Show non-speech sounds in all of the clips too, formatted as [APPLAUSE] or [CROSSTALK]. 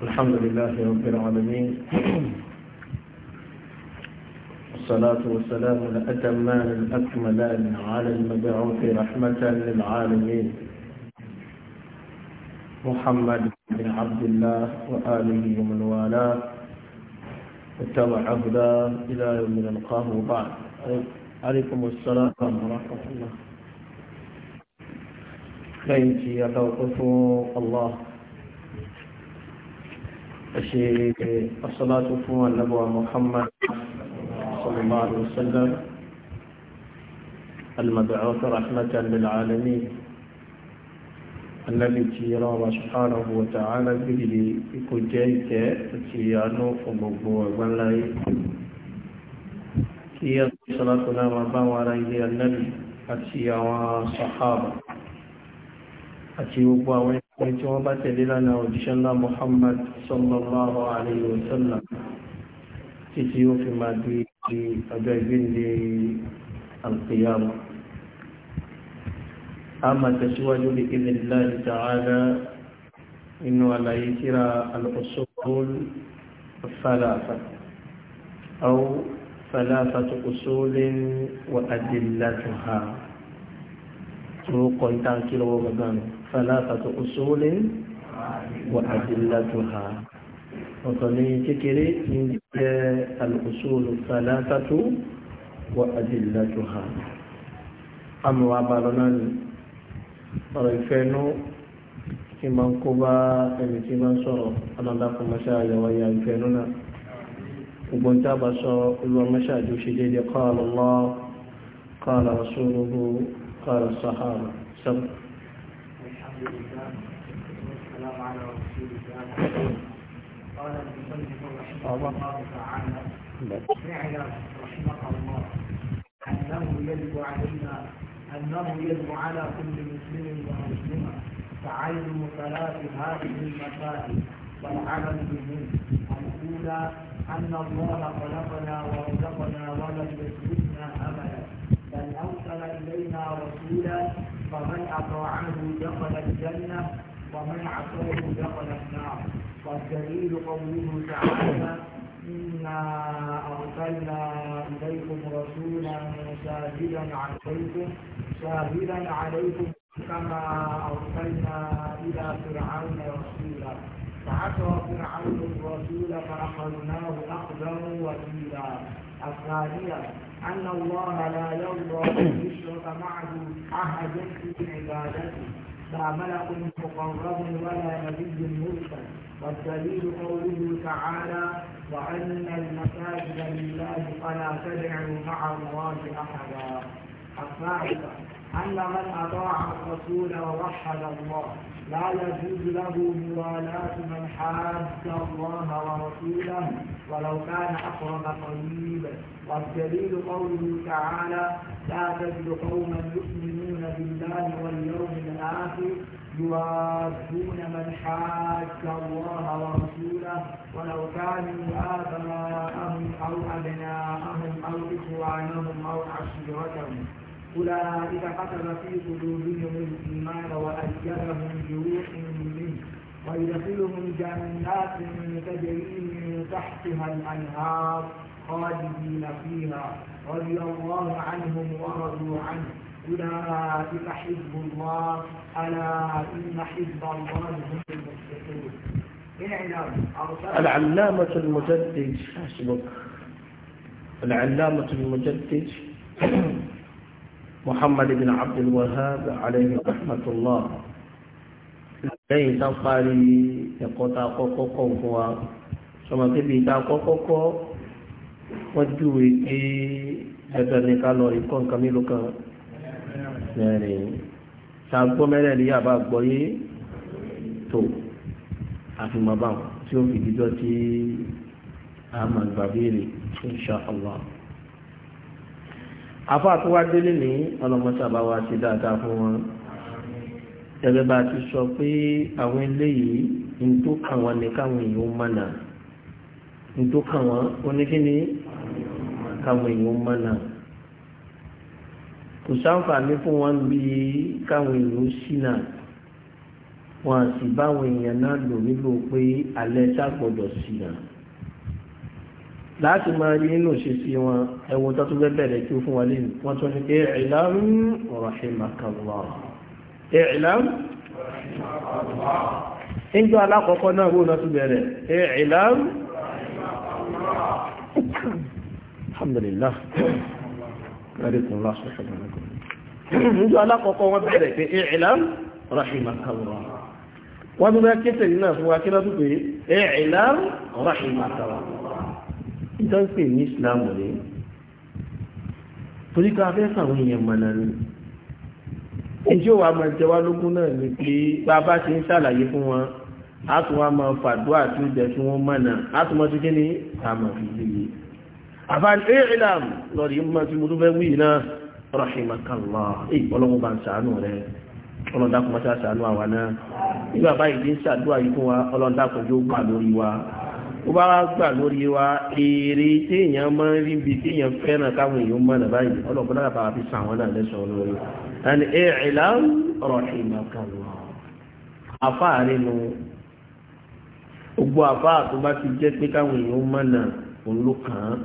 الحمد لله رب العالمين والصلاة والسلام الأتمان الأكملان على المبعوث رحمة للعالمين محمد بن عبد الله وآله ومن والاه واتبع هداه إلى يوم نلقاه بعد عليكم السلام ورحمة الله لين يتوقف الله الصلاة asọ́látò على محمد صلى الله عليه وسلم المبعوث رحمة للعالمين الذي تيرى سبحانه وتعالى به كجيك تيانو فمبوع والله كي صلاة نام وعلى النبي أتي صحابة أتي وبوا ẹni tí wọ́n bá tẹ̀lé lánàá òjíṣẹ́ ńlá Muhammad sallallahu alayhi wa sallam títí yóò fi máa di ọjọ́ ìgbéǹde alqiyama a máa tẹ̀síwájú ní ilẹ̀ láti ta'ala inú àlàyé síra al-usul al-thalatha aw thalathatu usulin wa adillatuha tó kọ́ ìtànkí lọ́wọ́ gbàgbọ́n ثلاثة أصول وأدلتها ọ̀tọ̀ni kékeré tí ń jẹ́ alùsùlù sàlátàtù wa adìlàjò ha amùwà balọ̀ náà ni ọ̀rọ̀ ìfẹ́ inú tí ma ń kó bá ẹni tí ma ń sọ̀rọ̀ ọlọ́dàkùn mọ́ṣá àyẹ̀wò ya ìfẹ́ inú náà gbogbo níta bá sọ olúwa mọ́ṣá àjò ṣe déédéé qala Allah qala rasuluhu qala sahaba sẹ́wọ̀n. والسلام على الله تعالى اعلم رحمك الله انه يجب علينا انه يجب على كل مسلم ومسلمه تعلم ثلاث هذه المسائل والعمل بهن الاولى ان الله خلقنا ورزقنا ولم يسلكنا ابدا بل ارسل الينا رسولا فمن أطاعه دخل الجنة ومن عصاه دخل النار والدليل قوله تعالى إنا أرسلنا إليكم رسولا شاهدا عليكم شاهدا عليكم كما أرسلنا إلى فرعون رسولا فعصى فرعون الرسول فأخذناه أخذا وكيلا الثانية أن الله لا يرضى أن يشرك معه أحد في عبادته لا ملك مقرب ولا نبي مرسل والدليل قوله تعالى وأن المساجد لله فلا تدعوا مع الله أحدا الثالثة أن من أطاع الرسول ووحد الله لا يجوز له موالاة من حاد الله ورسوله ولو كان أقرب قريب والدليل قوله تعالى لا تجد قوما يؤمنون بالله واليوم الآخر يوادون من حاد الله ورسوله ولو كانوا آباءهم أو أبناءهم أو إخوانهم أو عشيرتهم أولئك كتب في قلوبهم الإيمان وأجرهم بروح منه ويدخلهم جنات تجري من تحتها الأنهار خالدين فيها رضي الله عنهم ورضوا عنه أولئك حزب الله ألا إن حزب الله هم المفلحون العلامة المجدد حسبك العلامة المجدد محمد بن عبد الوهاب عليه رحمة الله lẹ́yìn tán parí ẹ̀kọ́ tá kọ́kọ́ kọ́ fún wa sọmọ kébi tá kọ́kọ́ kọ́ wọ́n júwe pé ẹgbẹ́ ní ká lọ ikọ́ nǹkan mélòó kan mẹ́rin ṣàgbọ́ mẹ́rẹ̀ ní yàrá gbọ́ yé tó àfihàn báwọn tí ó fi dídọ́ tí a máa gbà béèrè inṣàlá afá tó wá délé ní ọlọ́mọṣàbá wa ti dáadáa fún wọn gẹ́gẹ́ bá ti sọ pé àwọn eléyìí ní tó kà wọ́n ní káwọn èèyàn mọ̀nà ní tó kà wọ́n oníkíní káwọn èèyàn mọ̀nà kò sáǹfààní fún wọn bí káwọn èèyàn ṣìnà wọn àti báwọn èèyàn náà lò nílò pé alẹ́ sá gbọ́dọ̀ ṣìnà láti máa rí nínú ṣe sí wọn ẹwọ tó tún bẹ̀rẹ̀ kí ó fún wa lẹ́nu wọ́n tún ní i'lam rahimakallah i'lam ìjọ alákọ̀ọ́kọ́ náà wó náà tún bẹ̀rẹ̀ i'lam alhamdulillah ìjọ alákọ̀ọ́kọ́ wọ́n bẹ̀rẹ̀ pé i'lam rahimakallah wọ́n tún bẹ́ kí ìtọ́sí ní islam ní torí ká fẹ́ sàwọn èèyàn mọ̀nà ni ìjọ wa máa jẹ wá lógún náà ni pé bá a bá ṣe ń ṣàlàyé fún wọn a tún wá máa fàdúrà àti oúnjẹ tí wọ́n mọ̀nà a tún máa tún kí ni a máa fi lè yé àfààní ìlàm lọ́rí mọ́ tí mo tún fẹ́ wí náà rahimakallah èyí ọlọ́run bá ń ṣàánú rẹ̀ ọlọ́dàkùn máa ṣàánú àwa náà nígbà báyìí ń ṣàdúrà yìí fún wa ọlọ́dàkùn yóò gbà lórí wa ó bá gbà lórí wa èrè téèyàn máa ń rí ibi téèyàn fẹ́ràn káwọn èèyàn mọ̀nà báyìí ọlọ́pàá náà bá fi sàwọn náà lẹ́sọ̀ọ́ lórí ẹni ẹ̀ẹ́lá ọ̀rọ̀ ìmọ̀kànlá àfáàrí nu gbogbo àfáà tó bá ti jẹ́ pé káwọn èèyàn mọ̀nà òun ló kàn án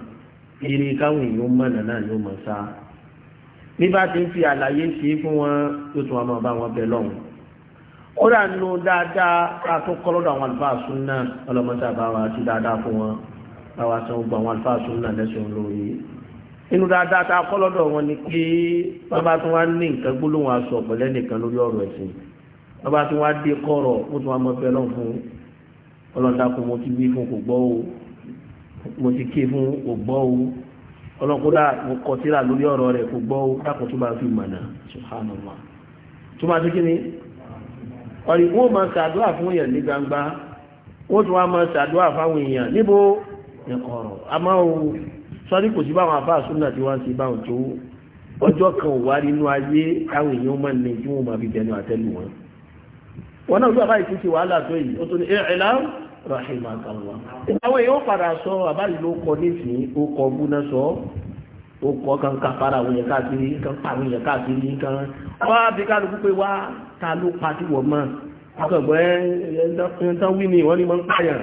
èrè káwọn èèyàn mọ̀nà náà ló mọ̀ sá bí bá ti ń fi àlàyé ṣe fún wọn tó tún wọn máa bá wọn bẹ lọ́hùn kódà nù dáadáa káàtó kọlọ́dọ̀ àwọn àlùfáà súnà ọlọ́mọta bá wa ti dáadáa fún wọn bá wa gbọ́ àwọn àlùfáà súnà lẹ́sìn lórí inú dáadáa tá a kọlọ́dọ̀ wọn ni pé bàbá tí wọ́n ní nǹkan gbólóhùn aṣọ pẹ̀lẹ́ nìkan lórí ọ̀rọ̀ ẹ̀sìn bàbá tí wọ́n dé kọ̀rọ̀ ó tún wá mọ́ fẹ́ lọ́n fún ọlọ́dàkùn mo ti wí fún kò gbọ́ o mo ti ké fún kò gbọ́ o ọlọ́kúnlá mo kọ síra lórí ọ̀rọ̀ rẹ̀ kò gbọ́ o dákùn tó bá fi mọ̀nà subhanallah tó máa ti kí ni ọ̀rì wọ́n máa ṣàdúrà fún èèyàn ní gbangba wọ́n tún wá máa ṣàdúrà fáwọn èèyàn níbo ọ̀rọ̀ a máa ń sọ́rí kò sí báwọn afá súnà tí wọ́n ti báwọn tó ọjọ́ kan ò wá nínú ayé táwọn èèyàn máa ní tí wọ́n máa fi bẹnu àtẹ́lù wọn wọn náà ó kọ́ kan ká fara àwọn èèyàn káàkiri nǹkan pa àwọn èèyàn káàkiri nǹkan wá bí kálukú pé wá ta ló pa sí wọ̀ mọ́ akọ̀gbọ́ ẹ̀ẹ́dọ́kùnrin tán wí ni wọ́n ní mọ́ ń pààyàn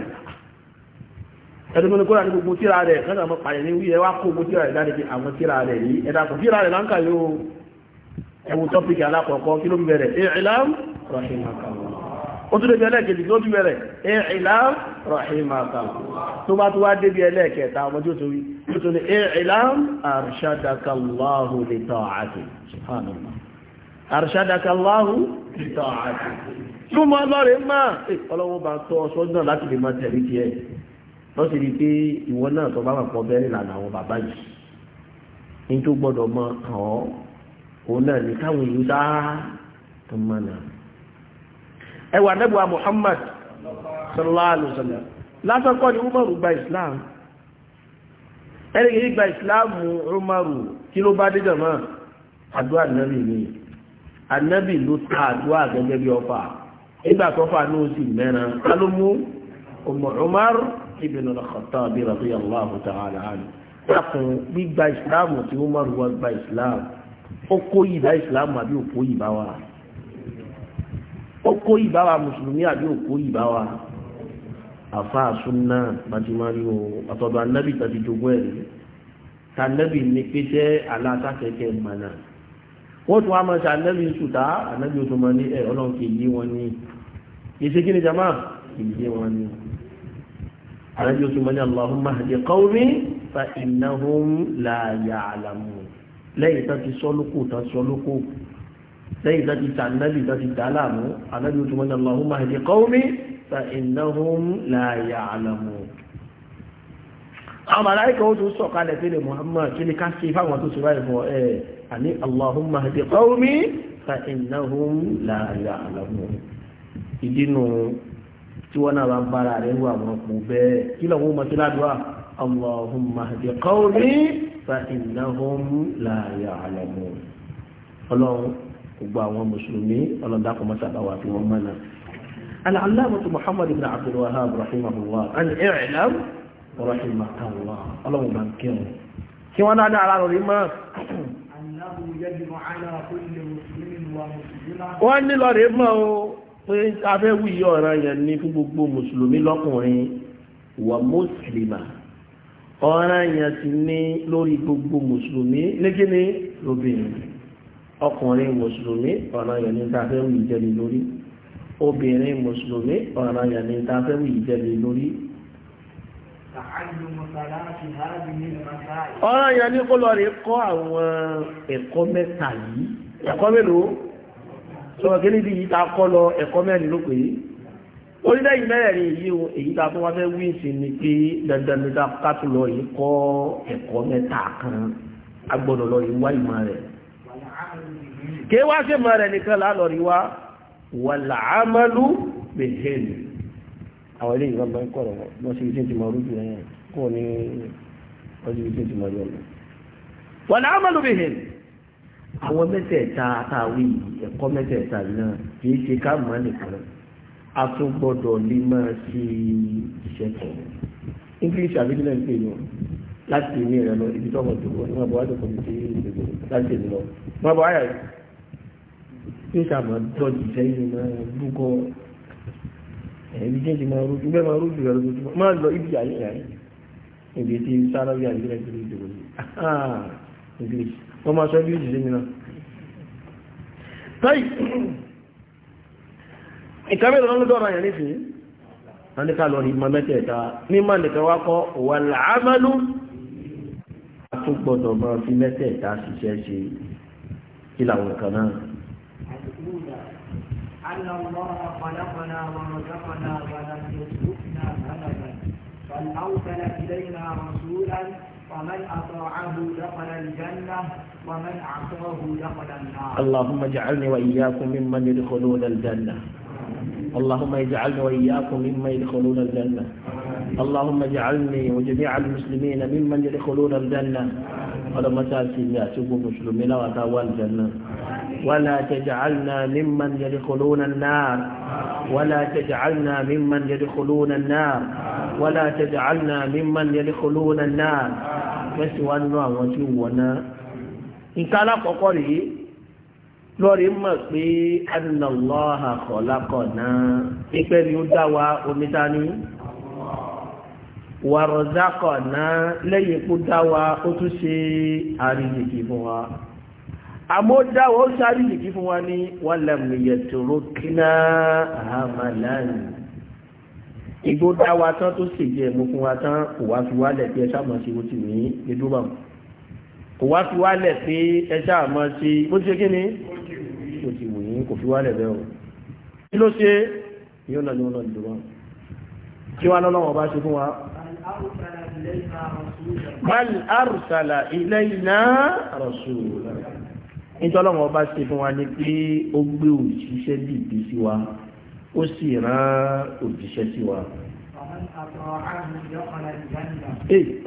ẹ̀dùnmọ́ni kóra ní gbogbo tíra rẹ̀ kọ́nà mọ́ pààyàn ní wíyẹ wá kó gbogbo tíra rẹ̀ dáadé pé àwọn tíra rẹ̀ yìí ẹ̀dàkùn tíra rẹ̀ láǹkà yóò ẹ̀wù tọ́pìkì alákọ̀ọ́kọ́ kí ló ń bẹ̀rẹ̀ ìlàm rọ̀ṣìn àkàwọ̀ ó tún débi ẹlẹ́ẹ̀kejì tó dúbẹ̀ rẹ̀ ìrìnlá rahimaka tó bá tó wá débi ẹlẹ́ẹ̀kẹta ọmọdé ó torí ó tún ní ìrìnlá arṣadakallahu li ta'ati subhanallah arṣadakallahu li ta'ati tó mọ́ lọ́rẹ̀ máa eh, ọlọ́wọ́ bá tọ́ sọ́jọ́ láti lè máa tẹ̀lé tiẹ̀ lọ́ sì rí pé ìwọ náà tó bá wà ní tó gbọ́dọ̀ mọ kàn ọ́ òun náà ní káwọn ìlú dáa tó mọ̀ náà ẹwà nẹ́bùwà Muhammad sallallahu alaihi wasallam lásọ́kọ́ ni Umaru gba Islam ẹni kìí gba Islam Umaru kí ló bá dédé mọ́ àdúrà nẹ́bì ni ànẹ́bì ló ta àdúrà gẹ́gẹ́ bí ọfà nígbà tọ́fà ní oṣù mẹ́rin alómú Umar ibn al-Khattab radiyallahu ta'ala anhu lákùn gbígba Islam tí Umaru wá gba Islam ó kó yìí Islam àbí òkó yìí bá wà ó kó ìbáwa mùsùlùmí àbí ó kó ìbáwa àfáà súnná bàtìmárì o àtọ̀dọ̀ anábì tàbí jogún ẹ̀rí tànábì ní pété aláàtàkẹ́kẹ́ mọ̀nà wọ́n tún wá máa ṣe anábì sùtá anábì tó máa ní ẹ̀ ọlọ́run kì í yé wọn ní ìṣe kí ni jama kì í yé wọn ní anábì tó máa ní Allahumma hdi qawmi fa innahum la ya'lamun lẹ́yìn tó ti sọ́lókò tó sọ́lókò lẹ́yìn tó ti الذي nẹ́bì tó ti اللهم láàmú anábì فإنهم لا يعلمون hdi qawmi fa innahum la ya'lamun àwọn màláìkà ó tún sọ̀kalẹ̀ pé lè Muhammad kí ni ká ṣe fáwọn tó ṣe báyìí fún ẹ àní Allahumma hdi qawmi fa innahum la ya'lamun ìdínú tí wọ́n náà bá ń bára rẹ̀ wà wọ́n kò bẹ́ẹ̀ kí lọ́wọ́ mọ́ sí ládùúgbà Allahumma hdi qawmi fa innahum la ya'lamun ọlọ́run gbogbo àwọn mùsùlùmí ọlọ́dàkùn mọ́sàdáwà fi wọ́n mọ́nà alàlámọ́tò muhammad ibn abdul wahab rahimahullah an i'lam rahimahullah ọlọ́run bá ń kírun kí wọ́n dáadáa ara rẹ̀ mọ́ wọ́n ní lọ rẹ̀ mọ́ o pé afẹ́ wíyí ọ̀ràn yẹn ní fún gbogbo mùsùlùmí lọ́kùnrin wà mùsùlùmá ọ̀ràn yẹn ti ní lórí gbogbo mùsùlùmí ní kíni lóbìnrin ọkùnrin mùsùlùmí ọ̀nà yẹ̀ni tafẹ́wù ìjẹ́lì lórí obìnrin mùsùlùmí ọ̀nà yẹ̀ni tafẹ́wù ìjẹ́lì lórí ọ̀nà yẹ̀ni kó lọ rí kọ́ àwọn ẹ̀kọ́ mẹ́ta yìí ẹ̀kọ́ mélòó sọ̀rọ̀ kí níbi yìí ta kọ́ lọ ẹ̀kọ́ mẹ́rin ló pè é orílẹ̀-èdè mẹ́rẹ̀ẹ̀rin yìí o èyí ta tó wá fẹ́ wí sí ni kí wá sí mọ́ rẹ̀ nìkan lálọ́rí wá wàlàámọ́lú bèèrè àwọn ilé ìrọ̀lọ́ ìkọ̀rọ̀ wọ́n sí ìsìn ti mọ̀ rújú rẹ̀ kò ní ọdún ìsìn ti mọ̀ rẹ̀ lọ wàlàámọ́lú bèèrè àwọn mẹ́tẹ̀ẹ̀ta àtàwí ẹ̀kọ́ mẹ́tẹ̀ẹ̀ta náà kì í ṣe ká mọ́ nìkan a tún gbọ́dọ̀ lè máa ṣe iṣẹ́ kan english àbíkílẹ̀ ń pè yàn láti ní ìrẹ̀lọ ibi tó ọmọ tó wọ́n ní wọ́n bọ́ wájú kọ́ni sí ìgbègbè láti ìlú lọ bọ́ wáyà yìí yóò sàmà dọ́jì sẹ́yìn máa dúgọ́ ẹ̀bí jẹ́ ti máa rújú bẹ́ẹ̀ máa rújú rẹ̀ lójúmọ́ máa lọ ibi àyè rẹ̀ ibi tí sára bí àyè rẹ̀ ti rí ìdòwò yìí wọ́n máa sọ bí ìjì sí mi náà. táyì ìkàwé ìrọ̀lọ́dún dọ́ra yẹn nísìnyí wọ́n ní ká lọ ní mọ́mẹ́tẹ̀ẹ̀ta mímọ́ nìkan wá kọ́ wà láàmẹ́lú a tún gbọ́dọ̀ máa fi mẹ́tẹ̀ẹ̀ta ṣiṣẹ́ ṣe kí làwọn kan náà أن الله خلقنا ورزقنا ولم يتركنا هلكا بل أرسل إلينا رسولا ومن أطاعه دخل الجنة ومن عصاه دخل النار اللهم اجعلني وإياكم ممن يدخلون الجنة اللهم اجعلني وإياكم ممن يدخلون الجنة اللهم اجعلني وجميع المسلمين ممن يدخلون الجنة ولا تأتي أشوف مسلمين وأتوا الجنة ولا تجعلنا ممن يدخلون النار ولا تجعلنا ممن يدخلون النار ولا تجعلنا ممن يدخلون النار فسوى النار وسوى nǹkan alákọ̀ọ́kọ́ rèé lọ́ọ̀rì mọ̀ pé anàlọ́ha kọ̀ọ̀lákọ̀ náà pípẹ́ ni ó dá wa omi dání wàrọ̀zákọ̀ náà lẹ́yìn kó dáwà ó tún ṣe àríyìkì fún wa àmó dáwà ó ṣe àríyìkì fún wa ní wàlẹ̀mìyẹ̀ tòró kíná àmàlàní igbó dáwà tán tó sì jẹ mú fún wa tán kò wá fi wálẹ̀ pé ẹṣà mọ̀ sí ó ti ní ìdúbà kò wá fi wálẹ̀ pé ẹṣà mọ̀ sí bó ṣe kí ni ó ti wù yín kò fi wálẹ̀ bẹ́ẹ̀ o kí ló ṣe yóò náà ní wọn náà dùn kí wọn lọ́wọ́ bá ṣe fún wa bal arsala ilayna rasula nítọ́lọ́wọ́ bá ṣe fún wa ní pé ó gbé òjíṣẹ́ dìde sí wa ó sì rán òjíṣẹ́ sí wa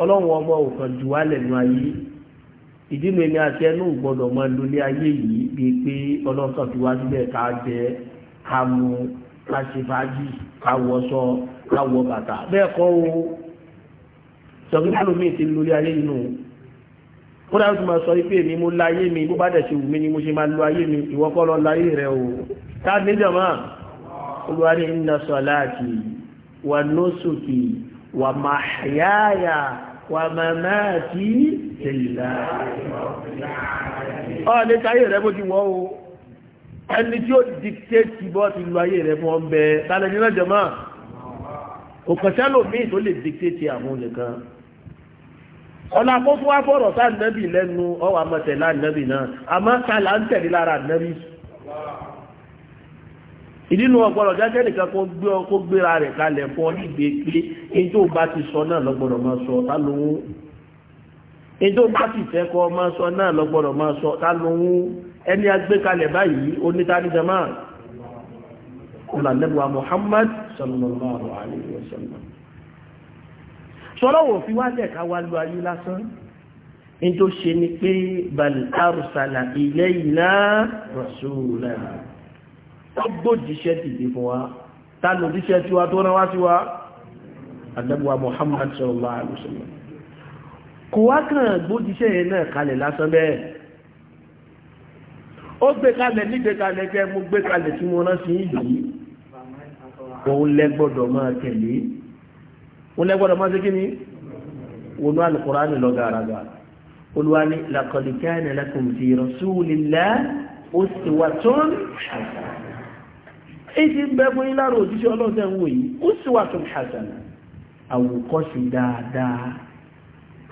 ọlọ́run ọmọ òkan jù wá lẹ́nu ayé ìdínú ẹni àti ẹnu gbọ́dọ̀ máa lólé ayé yìí bíi pé ọlọ́kàn fi wá sílẹ̀ ká jẹ ká mu ká ṣe fàájì ká wọṣọ ká wọ bàtà bẹ́ẹ̀ kọ́ o sọ̀gbìnàlù mi ti lórí ayé inú ó dáwọn tí ma sọ ipé mi mú láyé mi bó bá dẹ̀ ṣe wù mí ni mo ṣe máa lo ayé mi ìwọ́kọ́ lọ láyé rẹ̀ o táà níjọ̀mọ́ olúwarí inna salati wa nusuki wa mahyaya wa mamati lillahi ọ̀ lè káyé rẹ̀ bó ti wọ́ ọ̀nà àkókò wá fọ̀rọ̀ sá nẹ́bì lẹ́nu ọwọ́ àmọ̀tẹ̀lá nẹ́bì náà àmọ́ sálà ń tẹ̀lé lára nẹ́bì ìdínú ọgbọ́dọ̀ jákẹ́ nìkan kó gbé ọkó gbéra rẹ̀ kalẹ̀ fún ọ nígbè pé ẹni tó bá ti sọ náà lọ́gbọ́dọ̀ máa sọ ta ló ń ẹni tó bá ti fẹ́ kọ́ máa sọ náà lọ́gbọ́dọ̀ máa sọ ta ló ń ẹni báyìí onítàníjàmá ọ̀làlẹ́bùwà Muhammad sallallahu alayhi wa sallam sọ́lọ́wọ̀ fi wá lẹ̀ka wá lu ayé lásán ní tó ṣe ni pé bal arsala ilayna rasula gbójíṣẹ́ dìde fún wa tánu tí wa tó rán wá sí wa àdẹ́bùwa Muhammad sallallahu alaihi wasallam kò wá kàn gbójíṣẹ́ yẹn náà kalẹ̀ lásán bẹ́ẹ̀ ó gbé kalẹ̀ nígbé kalẹ̀ kẹ́ mú gbé kalẹ̀ tí mo rán sí yìí òun lẹ máa tẹ̀lé wọ́n lẹ́gbọ́dọ̀ máa ṣe kí ni wọnú alukùránì lọ gàràgà olúwa ní laqad kana lakum fi rasulillahi uswatun hasanah èyí ń bẹ fún ìlàrò òjíṣẹ́ ọlọ́sẹ̀ ń wò yìí uswatun hasanah àwòkọ́sí dáadáa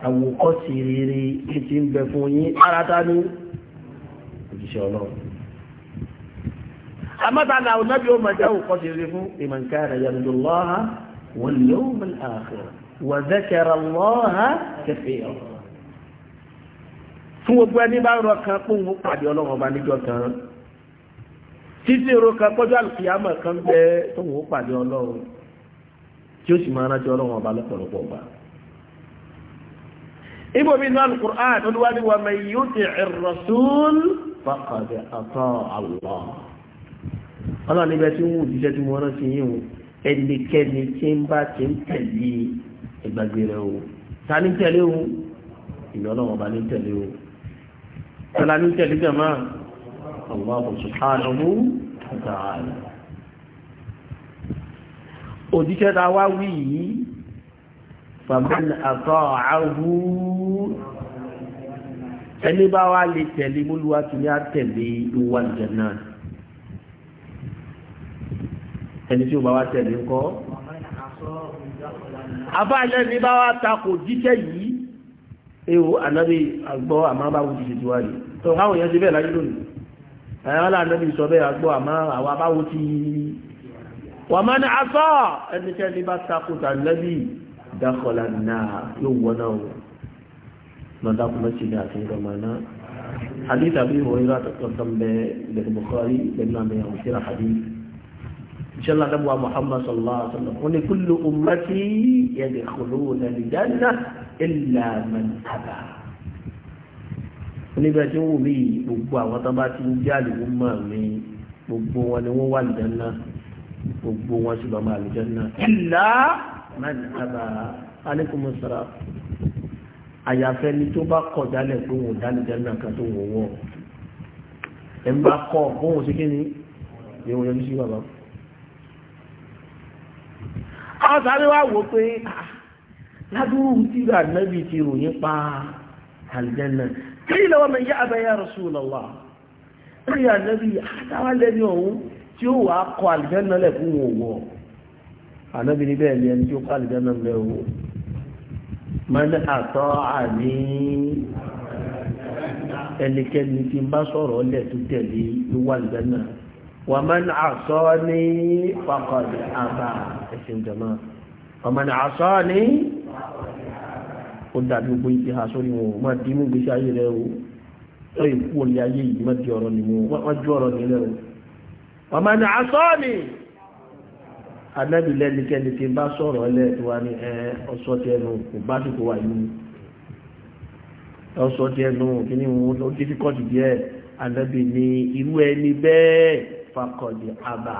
àwòkọ́sí rere èyí ń bẹ fún yín aráta ní òjíṣẹ́ ọlọ́run àmọ́ta làwọn nábì ó máa jẹ́ àwòkọ́sí rere fún man kana yarjullaha واليوم الآخر وذكر الله كثيرا fún gbogbo ẹni bá rọ kan pé òun pàdé ọlọ́run ọba níjọ́ kan títí ro kan pọ́jọ́ àlùkìyàmọ̀ kan bẹ tóun pàdé ọlọ́run tí ó sì máa rántí ọlọ́run ọba lọ́pọ̀lọpọ̀ ọba. ibo mi náà alukur'an olúwàdí wa man yuti'ir rasul faqad ata Allah. ọlọ́run níbẹ̀ tí ń wù jíjẹ́ tí mo rántí yín o ẹnikẹ́ni tí ń bá ti ń tẹ̀lé ìgbàgbé rẹ̀ o ta ní tẹ̀lé o ìyọ́lọ́wọ́ bá ní tẹ̀lé o tọ́lá ní tẹ̀lé jẹ́mà Allahu subhanahu wa ta'ala òjíṣẹ́ ta wá wí yìí faman ata'ahu ẹni bá wá lè tẹ̀lé mólúwá tí ní á tẹ̀lé ìwà ìjẹ̀ náà ẹni tí ó bá wá tẹ̀lé ńkọ́ afáàlẹ́ ní bá wá takò jíṣẹ́ yìí ewu ànábì àgbọ́ àmá báwo ti ṣètò wá rí tó káwọn èèyàn ti bẹ́ẹ̀ láyé lónìí ẹ̀yàn lá ànábì sọ bẹ́ẹ̀ àgbọ́ àmá àwọn abáwo ti wà má ní asọ́ ẹnikẹ́ni bá takò tànẹ́bì dákọ̀lá náà yóò wọ́n náà wọ́n mọ̀dákùn mẹ́sì ní àti náà hadith àbí ìwọ̀n ìrọ̀ àtọ̀tọ̀ bẹ́ẹ̀ lẹ́nu Bukhari lẹ́nu àmì àwọn hadith ìṣẹ́lá dábùwà Muhammad sallallahu alaihi wasallam wọn ni kullu ummati yadkhuluna al-janna illa man aba oníbẹ̀ tí ń wù mí gbogbo àwọn tó bá ti ń jẹ́ àlùkò mọ́ mi gbogbo wọn ni wọ́n wà al-janna gbogbo wọn sì lọ máa al-janna illa man aba alaikum assalam àyàfẹ́ ni tó bá kọ̀ dálẹ̀ pé òun dálẹ̀ náà kan tó wọ̀ wọ̀ ẹ̀ ń bá kọ̀ bóun ṣe kí ni ìwọ̀n yọjú sí bàbá àwọn sáré wá wò pé ah, ládùúrù tí ìgbà nẹ́bí ti ròyìn pa àlìjẹ́nà kí ni lọ́wọ́ mi yá abẹ́yà Rasulullah rí ànẹ́bí àtàwọn lẹ́ni ọ̀hún tí ó wà kọ àlìjẹ́nà lẹ̀ fún wọn wọ̀ ẹnikẹ́ni tí ń bá sọ̀rọ̀ lẹ̀ tẹ̀lé ló wà àlìjẹ́nà ومن عصاني فقد أبى اسم جماعة ومن عصاني ó dàbí gbogbo ìhà sórí wọn má di mú o ó yẹ kú òní di ọ̀rọ̀ ni ju ọ̀rọ̀ ni rẹ o. ọmọ ní asọ́ọ̀nì anábì lẹ́nikẹ́ni tí bá sọ̀rọ̀ ẹlẹ́ tó wá ní ẹ ó dífíkọ́tì díẹ̀ irú fakọ̀dì àbà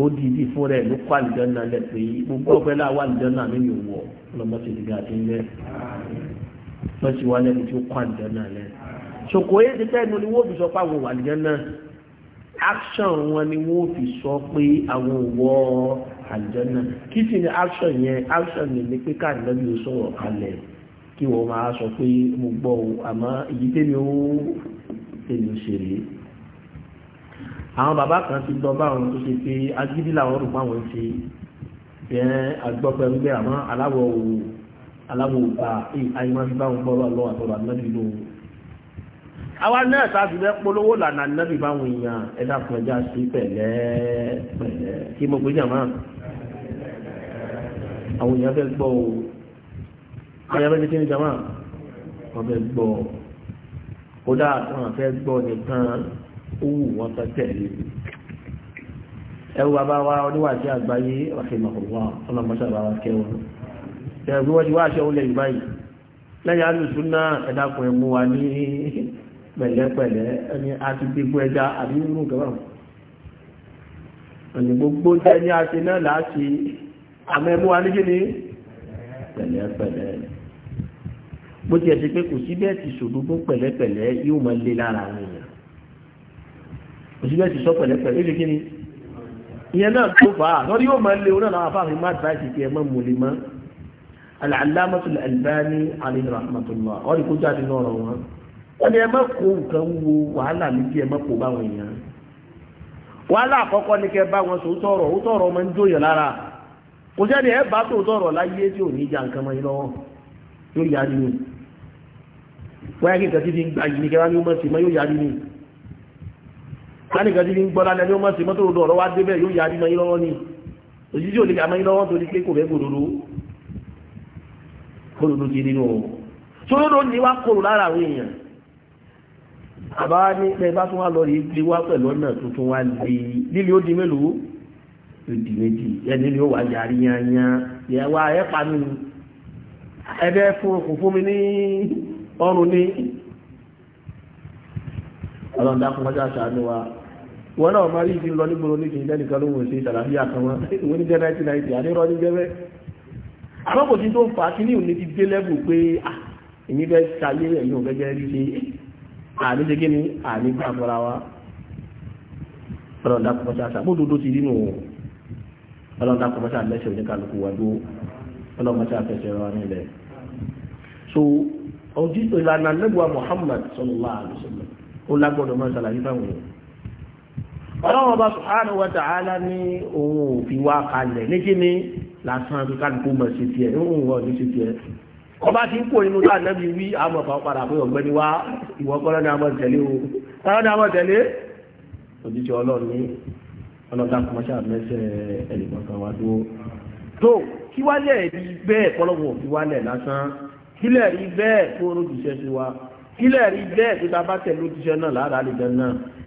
ó di ibi fún rẹ̀ ló kọ́ àlùjọ náà lẹ̀ pé gbogbo ọ̀pẹ́ láà wà àlùjọ náà nínú ìwọ̀ ọlọ́mọ ti dìgbà tí ń lẹ̀ wọ́n ti wá lẹ́nu tí ó kọ́ àlùjọ náà lẹ̀ ṣòkò yé ti tẹ́nu ni wọ́n fi sọ pé àwọn wà àlùjọ náà action wọn ni wọ́n fi sọ pé àwọn wọ́ àlùjọ náà kí sì ni action yẹn action ni ní pé káàdì lọ́bí o sọ̀rọ̀ kalẹ̀ kí wọ́n máa sọ pé mo gbọ́ àmọ́ èyí tẹ́mi ó tẹ́mi ó ṣe rèé àwọn bàbá kan ti gbọ́ bá àwọn tó ṣe pé agídí làwọn rò fáwọn ṣe bẹ́ẹ̀ agbọ́pẹ́ ń gbé àmọ́ aláwọ̀ ò aláwọ̀ ò bá àyíwá fi báwọn bọ́ lọ́wọ́ àtọ́lọ́ ànábì lò ó. àwa náà ta fi bẹ́ẹ̀ polówó lànà ànábì báwọn èèyàn ẹ̀dá kan já sí pẹ̀lẹ́ pẹ̀lẹ́ kí mo gbé jàmá àwọn èèyàn fẹ́ gbọ́ o àwọn èèyàn fẹ́ kí ni jàmá wọ́n fẹ́ gbọ́ kódà wọ́n fẹ́ gbọ́ nìkan owó wọn tó tẹ̀lé ẹwù bàbá wa oníwàjẹ́ àgbáyé rahimahullah ọlọ́mọṣẹ́ bàbá kẹwọn ẹ̀rù wọ́n ti wá aṣọ olè ìbáyìí lẹ́yìn alùsùn náà ẹ̀dàkùn ẹ̀mú wa ní pẹ̀lẹ́pẹ̀lẹ́ ẹni àti gbogbo ẹja àbí irú kẹwàá ọ̀nà gbogbo jẹ́ ní àti náà láti àmẹ́mú wa ní pẹ̀lẹ́pẹ̀lẹ́ bó ti ẹ̀ ti pé kò sí ti ṣòdodo pẹ̀lẹ́pẹ̀lẹ́ yóò máa lé lára àwọn òṣìṣẹ́ ti sọ pẹ̀lẹ́pẹ̀lẹ́ ó ṣe kí ni ìyẹn náà tó fà á lórí yóò máa lé onáà náà fáwọn ìmọ̀ àdìbáyìí ti ẹ̀mọ́ mọ̀lẹ́ mọ́ alàlámọ́tòlù Albani alayhi rahmatullah wọ́n ti kó jáde náà rọ̀ wọ́n wọ́n ní ẹ má kó nǹkan wo wàhálà níbi ẹ má kó báwọn èèyàn wàhálà àkọ́kọ́ ní kẹ́ bá wọn sọ tọrọ kánìkan tí ń gbọ́ lálẹ́ ní ó mọ̀ sí mọ́tò ròdò ọ̀rọ̀ wá débẹ̀ yóò yá bímọ yín lọ́wọ́ ni òjijì ò lè yá mọ́ yín lọ́wọ́ torí pé kò fẹ́ gbòdòdó kòròdó ti nínú o sódòdó ni wá kòrò lára àwọn èèyàn àbá ní ẹ bá tún wá lọ rí ilé wá pẹ̀lú ọ̀nà tuntun wá lè líle ó di mélòó ó di méjì ẹni ni ó wà yàrí yanya ìyàwó ẹ pa ni ẹbẹ fún kò fún mi ní ọrùn ní ọlọ́dà fún ọjà sàánú wa wọn náà máa rí ìdí lọ nígboro ní kìí lẹ́nìkan ló wọ̀n sí ìsàlàfíà kan wọn ìwé ní jẹ́ 1990 àdérọ́ ní jẹ́bẹ́ àwọn kò sí tó ń fa kí ní òní ti dé lẹ́bù pé èyí fẹ́ ṣayé ẹ̀yìn òfẹ́ jẹ́ rí ṣe àní ṣe kíni àní gbà fọ́ra wa ọlọ́ọ̀dà kọ́kọ́ ṣáṣá bó dodo ti nínú ọlọ́ọ̀dà kọ́kọ́ ṣáṣá lẹ́sẹ̀ òní kálukú wa dó ọlọ́ọ̀mọ ṣáṣá fẹsẹ̀ wa nílẹ̀ Muhammad sallallahu alaihi wasallam ó lágbọ́dọ̀ mọ́ ṣàlàyé fáwọn ọlọ́run ọba subhanahu wa ta'ala ní òun ò fi wá kalẹ̀ léjì ní lásán tó kálukú mọ̀ sí tiẹ̀ ń hùn wọ́n ní sí tiẹ̀ ọba ti ń kó inú tá nẹ́bi wí àwọn ọ̀fà padà pé ọ̀gbẹ́ni wá ìwọ kọ́ lọ́dẹ àmọ́ tẹ̀lé o lọ́dẹ àmọ́ tẹ̀lé òjíṣẹ́ ọlọ́run ní ọlọ́dà kọmọṣẹ́ àmẹ́sẹ̀ ẹnìkankan wá dúró tó kí wálẹ̀ rí bẹ́ẹ̀ kọ́lọ́wọ́ fi wálẹ̀ lásán kílẹ̀ rí bẹ́ẹ̀ tó rojúṣẹ́ sí wa kílẹ̀ rí bẹ́ẹ̀ tó ta lójúṣẹ́ náà lára àlejò náà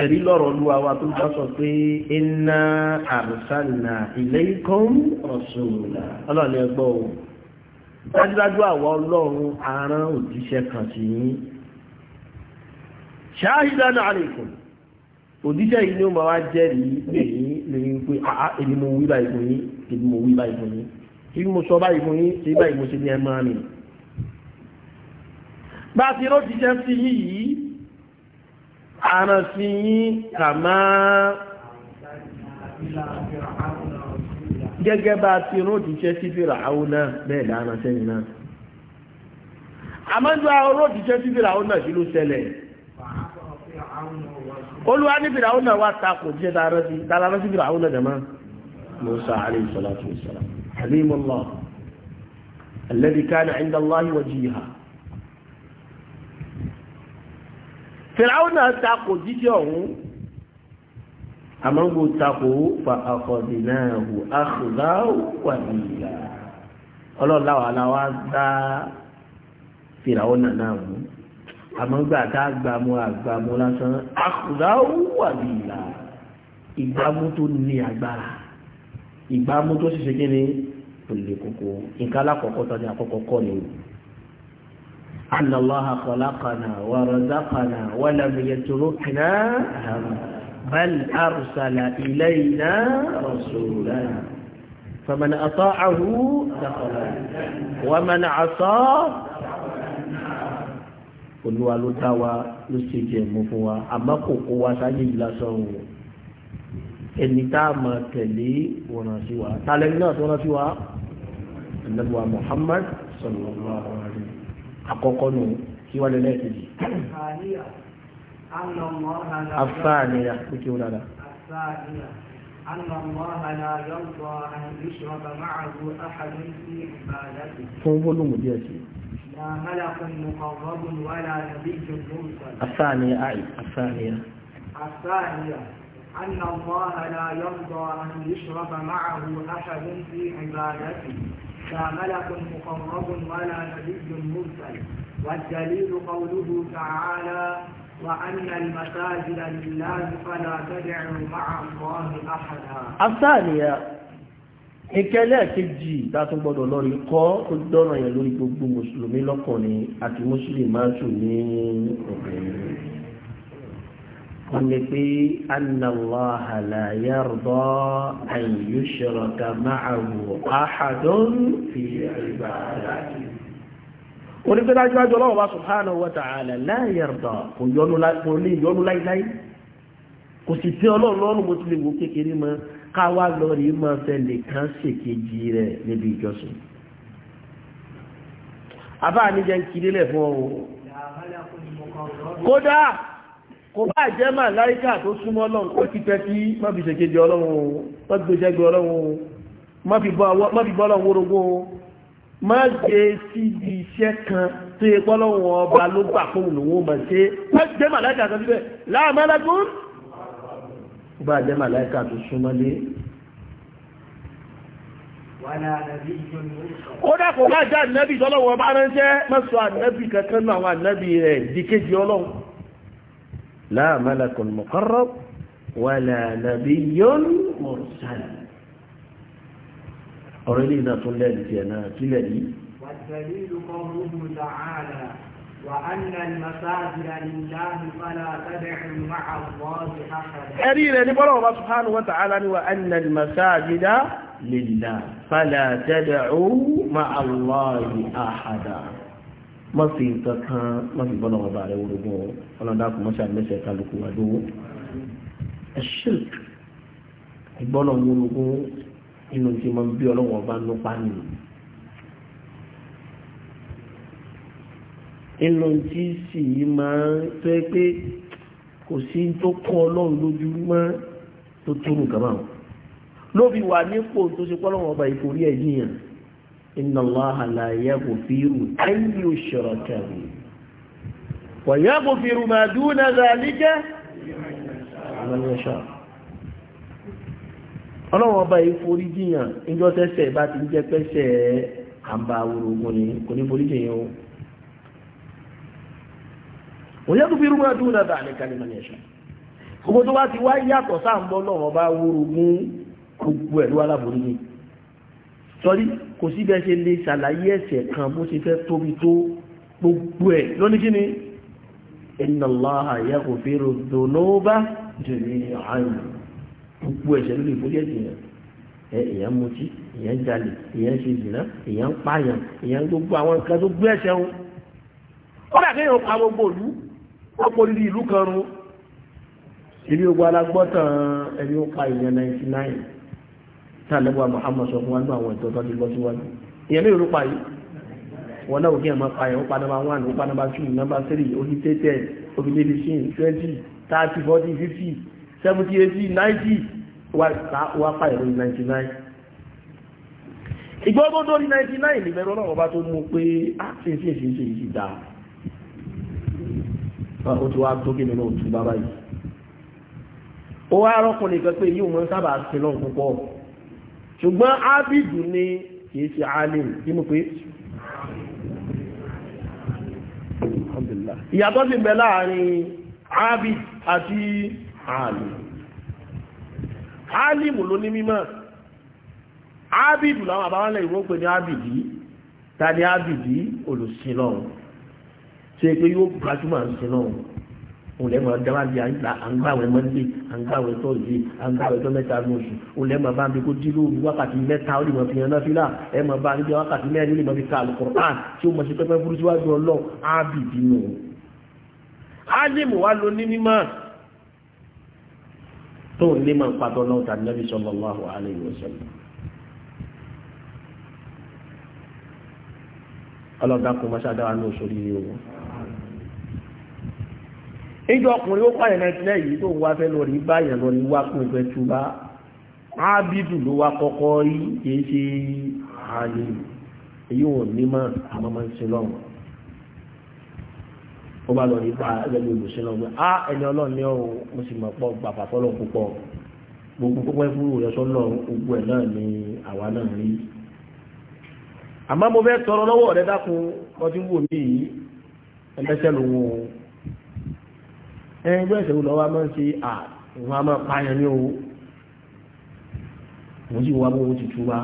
ẹ̀rí lọ́rọ̀ lúwa wa tó bá sọ pé inna arsalna ilaykum rasula ọlọ́ni ẹgbọ́ o dájúdájú àwọ ọlọ́run arán òjíṣẹ́ kan sí yín shahidan alaykum òjíṣẹ́ yìí ni ó máa wá jẹ́rìí pé yín pé èmi bá ti ró ti jẹ́ sí yìí ara sí yìí kàmá gẹ́gẹ́ bá ti ró ti jẹ́ sí fìrà áwọn náà bẹ́ẹ̀ dáná sẹ́yìn náà àmọ́jú àwọn ró ti jẹ́ sí fìrà áwọn náà sí ló ṣẹlẹ̀ olúwa ní fìrà áwọn náà wá takò jẹ́ dáná sí dáná sí fìrà áwọn náà jẹ́ musa alayhi salatu wa salam alimullah الذي كان عند الله وجيها fìràwọ́n náà takò jíjẹ́ ọ̀hún àmọ́gbò takò fa àkọ̀dì náà hù àkùdá wà nílà ọlọ́láwà aláwà dá fìràwọ́n náà náà mú àmọ́gbà tá gbàmú àgbàmú lásán àkùdá wà nílà ìgbàmú tó ní agbára ìgbàmú tó ṣiṣẹ́ kí ni olè kókó nǹkan alákọ̀ọ́kọ́ tọ́jú àkọ́kọ́ kọ́ ni أن الله خلقنا ورزقنا ولم يتركنا هم بل أرسل إلينا رسولا فمن أطاعه دخل ومن عصاه olúwa ló dá wa ló ṣe jẹ̀mú fún wa àmọ́ kò kó wa sáyé yìí lásán o ẹni tá a máa tẹ̀lé wọ̀nà sí wa tálẹ́ni náà tó rán sí wa ẹ̀nẹ́bùwà Muhammad sallallahu alaihi wa sallam. àkọ́kọ́ nù kí wọ́n lè lẹ́ẹ̀kejì. الثانية بكيو لنا الثانية أن الله لا يرضى أن يشرب معه أحد في عبادته لا ملك مقرب ولا نبي مرسل الثانية الثانية الثانية أن الله لا يرضى أن يشرب معه أحد في عبادته لا ملك مقرب ولا نبي مرسل والدليل قوله تعالى وأن المساجد لله فلا تدعوا مع الله أحدا الثانية ìkẹlẹ́ kejì dátún gbọ́dọ̀ kọ́ tó dọ́rọ̀ yẹn lórí gbogbo mùsùlùmí lọ́kùnrin àti mùsùlùmí máa ń sùn ní obìnrin wọ́n ní pé annallaha la yarda an yushraka ma'ahu ahadun fi ibadati wọ́n ní pé dájúdájú ọlọ́wọ́ bá subhanahu wa ta'ala la yarda kò ní ìyọnu láíláí kò sì tẹ́ ọlọ́run lọ́rùn bó tilẹ̀ wò kékeré mọ́ káwá lọ rí máa fẹ́ lè kán ṣèkejì rẹ̀ níbi ìjọsìn àbá mi jẹ́ ń kiri lẹ̀ fún ọ kódà kò bá jẹ́ màláíkà tó súnmọ́ ọlọ́run kó ti tẹ́ sí má fi ọlọ́run o má fi gbèsè gbé ọlọ́run o má fi bọ́ ọlọ́run wórógó o má gbé síbi iṣẹ́ kan tó yẹ pọ́lọ́run ọba ló gbà fóun lòun mà ṣe má jẹ́ màláíkà kan síbẹ̀ láàmúlẹ́kùn kò bá jẹ́ màláíkà tó súnmọ́ lé kódà kò bá jẹ́ ànábì tọ́lọ́wọ́ bá ránṣẹ́ má sọ ànábì kankan náà àwọn ànábì rẹ̀ dìkejì ọlọ́run لا ملك مقرب ولا نبي مرسل أريد إذا طلالك أنا كلالي والدليل قوله تعالى وأن المساجد لله فلا تدعوا مع الله أحدا أريد أن الله سبحانه وتعالى وأن المساجد لله فلا تدعوا مع الله أحدا má fi nǹkan kan má fi bọ́nà ọba rẹ̀ wọ́dọ̀gbọ́ ọlọ́dàkùn má ṣàmẹ́sẹ̀ kálukú wà lówó ẹ̀ṣirk ìgbọ́nà wọ́dọ̀gbọ́ inú tí mo ń bí ọlọ́wọ́ ọba ń lópa nìyí. inú tí sì máa ń tẹ́ pé kò sí tó kọ́ ọlọ́run lójú mọ́ tó tó nǹkan báwọn ló fi wà nípò tó ṣe pọ́ ọba ìforí ẹ̀ yíyan. inna allaha la yaghfiru an yushraka bihi wa yaghfiru ma duna dhalika liman yasha ọlọ́wọ́ ọba yìí forí jiyàn níjọ́ tẹ́sẹ̀ bá ti jẹ́ pẹ́sẹ̀ àǹbá awúrogún ni kò ní forí jiyàn o gbogbo tó ti wá yàtọ̀ sáà ń bọ́ lọ́wọ́ sọ́rí kò sí bẹ́ẹ̀ ṣe lè ṣàlàyé ẹ̀ṣẹ̀ kan bó ṣe fẹ́ tóbi tó gbogbo ẹ̀ lóní kí ni inna Allaha yaghfiru dhunuba jami'an gbogbo ẹ̀ṣẹ̀ ló lè forí ẹ̀jẹ̀ yẹn èèyàn mutí èèyàn jalè èèyàn ṣe jìnnà èèyàn pààyàn èèyàn gbogbo àwọn nǹkan tó gbé ẹ̀ṣẹ̀ wọn ó dà kéèyàn pa gbogbo òlú ó pọ̀ nílùú ìlú kan run ìlú ogun alágbọ́tàn ẹni ó pa èèyàn 99 tá lẹ́wọ́ Muhammad sọ fún wa nínú àwọn ìtọ́tọ́ ti lọ síwájú ìyẹn ní ìrúpa yìí wọn náà òkè àmọ́ payẹ̀ ó pa nọ́mbà one ó pa nọ́mbà two nọ́mbà three orí tẹ́tẹ́ orí medicine twenty thirty forty fifty seventy eighty ninety wá payẹ̀ lórí ninety nine ìgbọ́ tó dórí ninety nine ìbẹ̀rù ọlọ́run bá tó mú pé á ṣe ṣe ṣe ṣe yìí dáa ó ti wá tó kí nínú òtún bábá yìí ó wá rọ́kùnrin kan pé yíò mọ́ sábà sí lọ́n púpọ̀ ṣùgbọ́n ábìdù ni kìí ṣe alim kí mú pé ìyàtọ̀ sí bẹ láàrin ábìd àti alim alim ló ní mímọ̀ ábìdù láwọn àbáwọ́lẹ̀ ìwọ́n pè ní ábìdì ta ni ábìdì olùsìn náà ṣe pé yóò gbajúmọ̀ sí náà olùlẹ́mọ̀ ọjọ́ wa di àǹgbàwẹ̀ mọ́ndé àǹgbàwẹ̀ tọ́jú àǹgbàwẹ̀ tó mẹ́ta ní oṣù olùlẹ́mọ̀ bá ń bí kó dírò wákàtí mẹ́ta ó lè mọ̀ fi hàn náà fílà ẹ mọ̀ bá níbi wákàtí mẹ́rin ó lè mọ̀ fi ka alukur'an tí ó mọ̀ sí pẹ́pẹ́ burú síwájú ọlọ́ ábì bínú. álímù wa ló ní mímọ́ tó ń lé mọ̀ pàtó náà tàbí nàbí sallallahu alaihi wasallam. ọlọ́dà kò mọ́ ìjọ ọkùnrin ó pààyàn náà tilẹ̀ yìí tó wá fẹ́ lọ rí báyàn lọ rí wá kún ìfẹ́ túbá ábídù ló wá kọ́kọ́ rí kìí ṣe ààyè èyí ò ní mọ́ àmọ́ máa ń sin lọ́wọ́ ó bá lọ rí bá ẹgbẹ́ olùsìn lọ́wọ́ á ẹni ọlọ́ọ̀ni ọ̀hún mo sì mọ̀ pọ̀ gbàgbà fọ́lọ́ púpọ̀ gbogbo púpọ̀ fúru rẹ̀ sọ́nà gbogbo ẹ̀ náà ni àwa náà rí àmọ́ mo fẹ́ tọrọ lọ́wọ́ rẹ ọtí wò mí ẹlẹ́sẹ̀ lòun ẹgbẹ́ ìṣẹ̀wò lọ́wọ́ máa ń ṣe àwọn àmọ́ pààyàn ní owó mo sì wá bóun ti túbá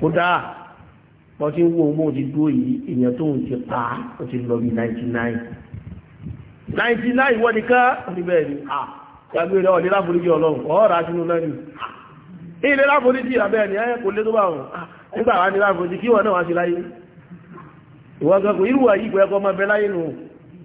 kódà wọ́n ti ń wo bóun ti dúró yìí èèyàn tóun ti pa ó ti lọ bí 99 99 wọ́n ni ká níbẹ̀ ni gbàgbé rẹ̀ ọ̀lẹ́ láforíjì ọlọ́run ọ̀ọ́rà sínú náà ni ilé abẹ́ ni ẹ kò lé tó bá wọn nígbà wá ní láforíjì kí wọn náà wá sí láyé ìwọ́n gan kò irú wà yìí ọmọ bẹ láyé nù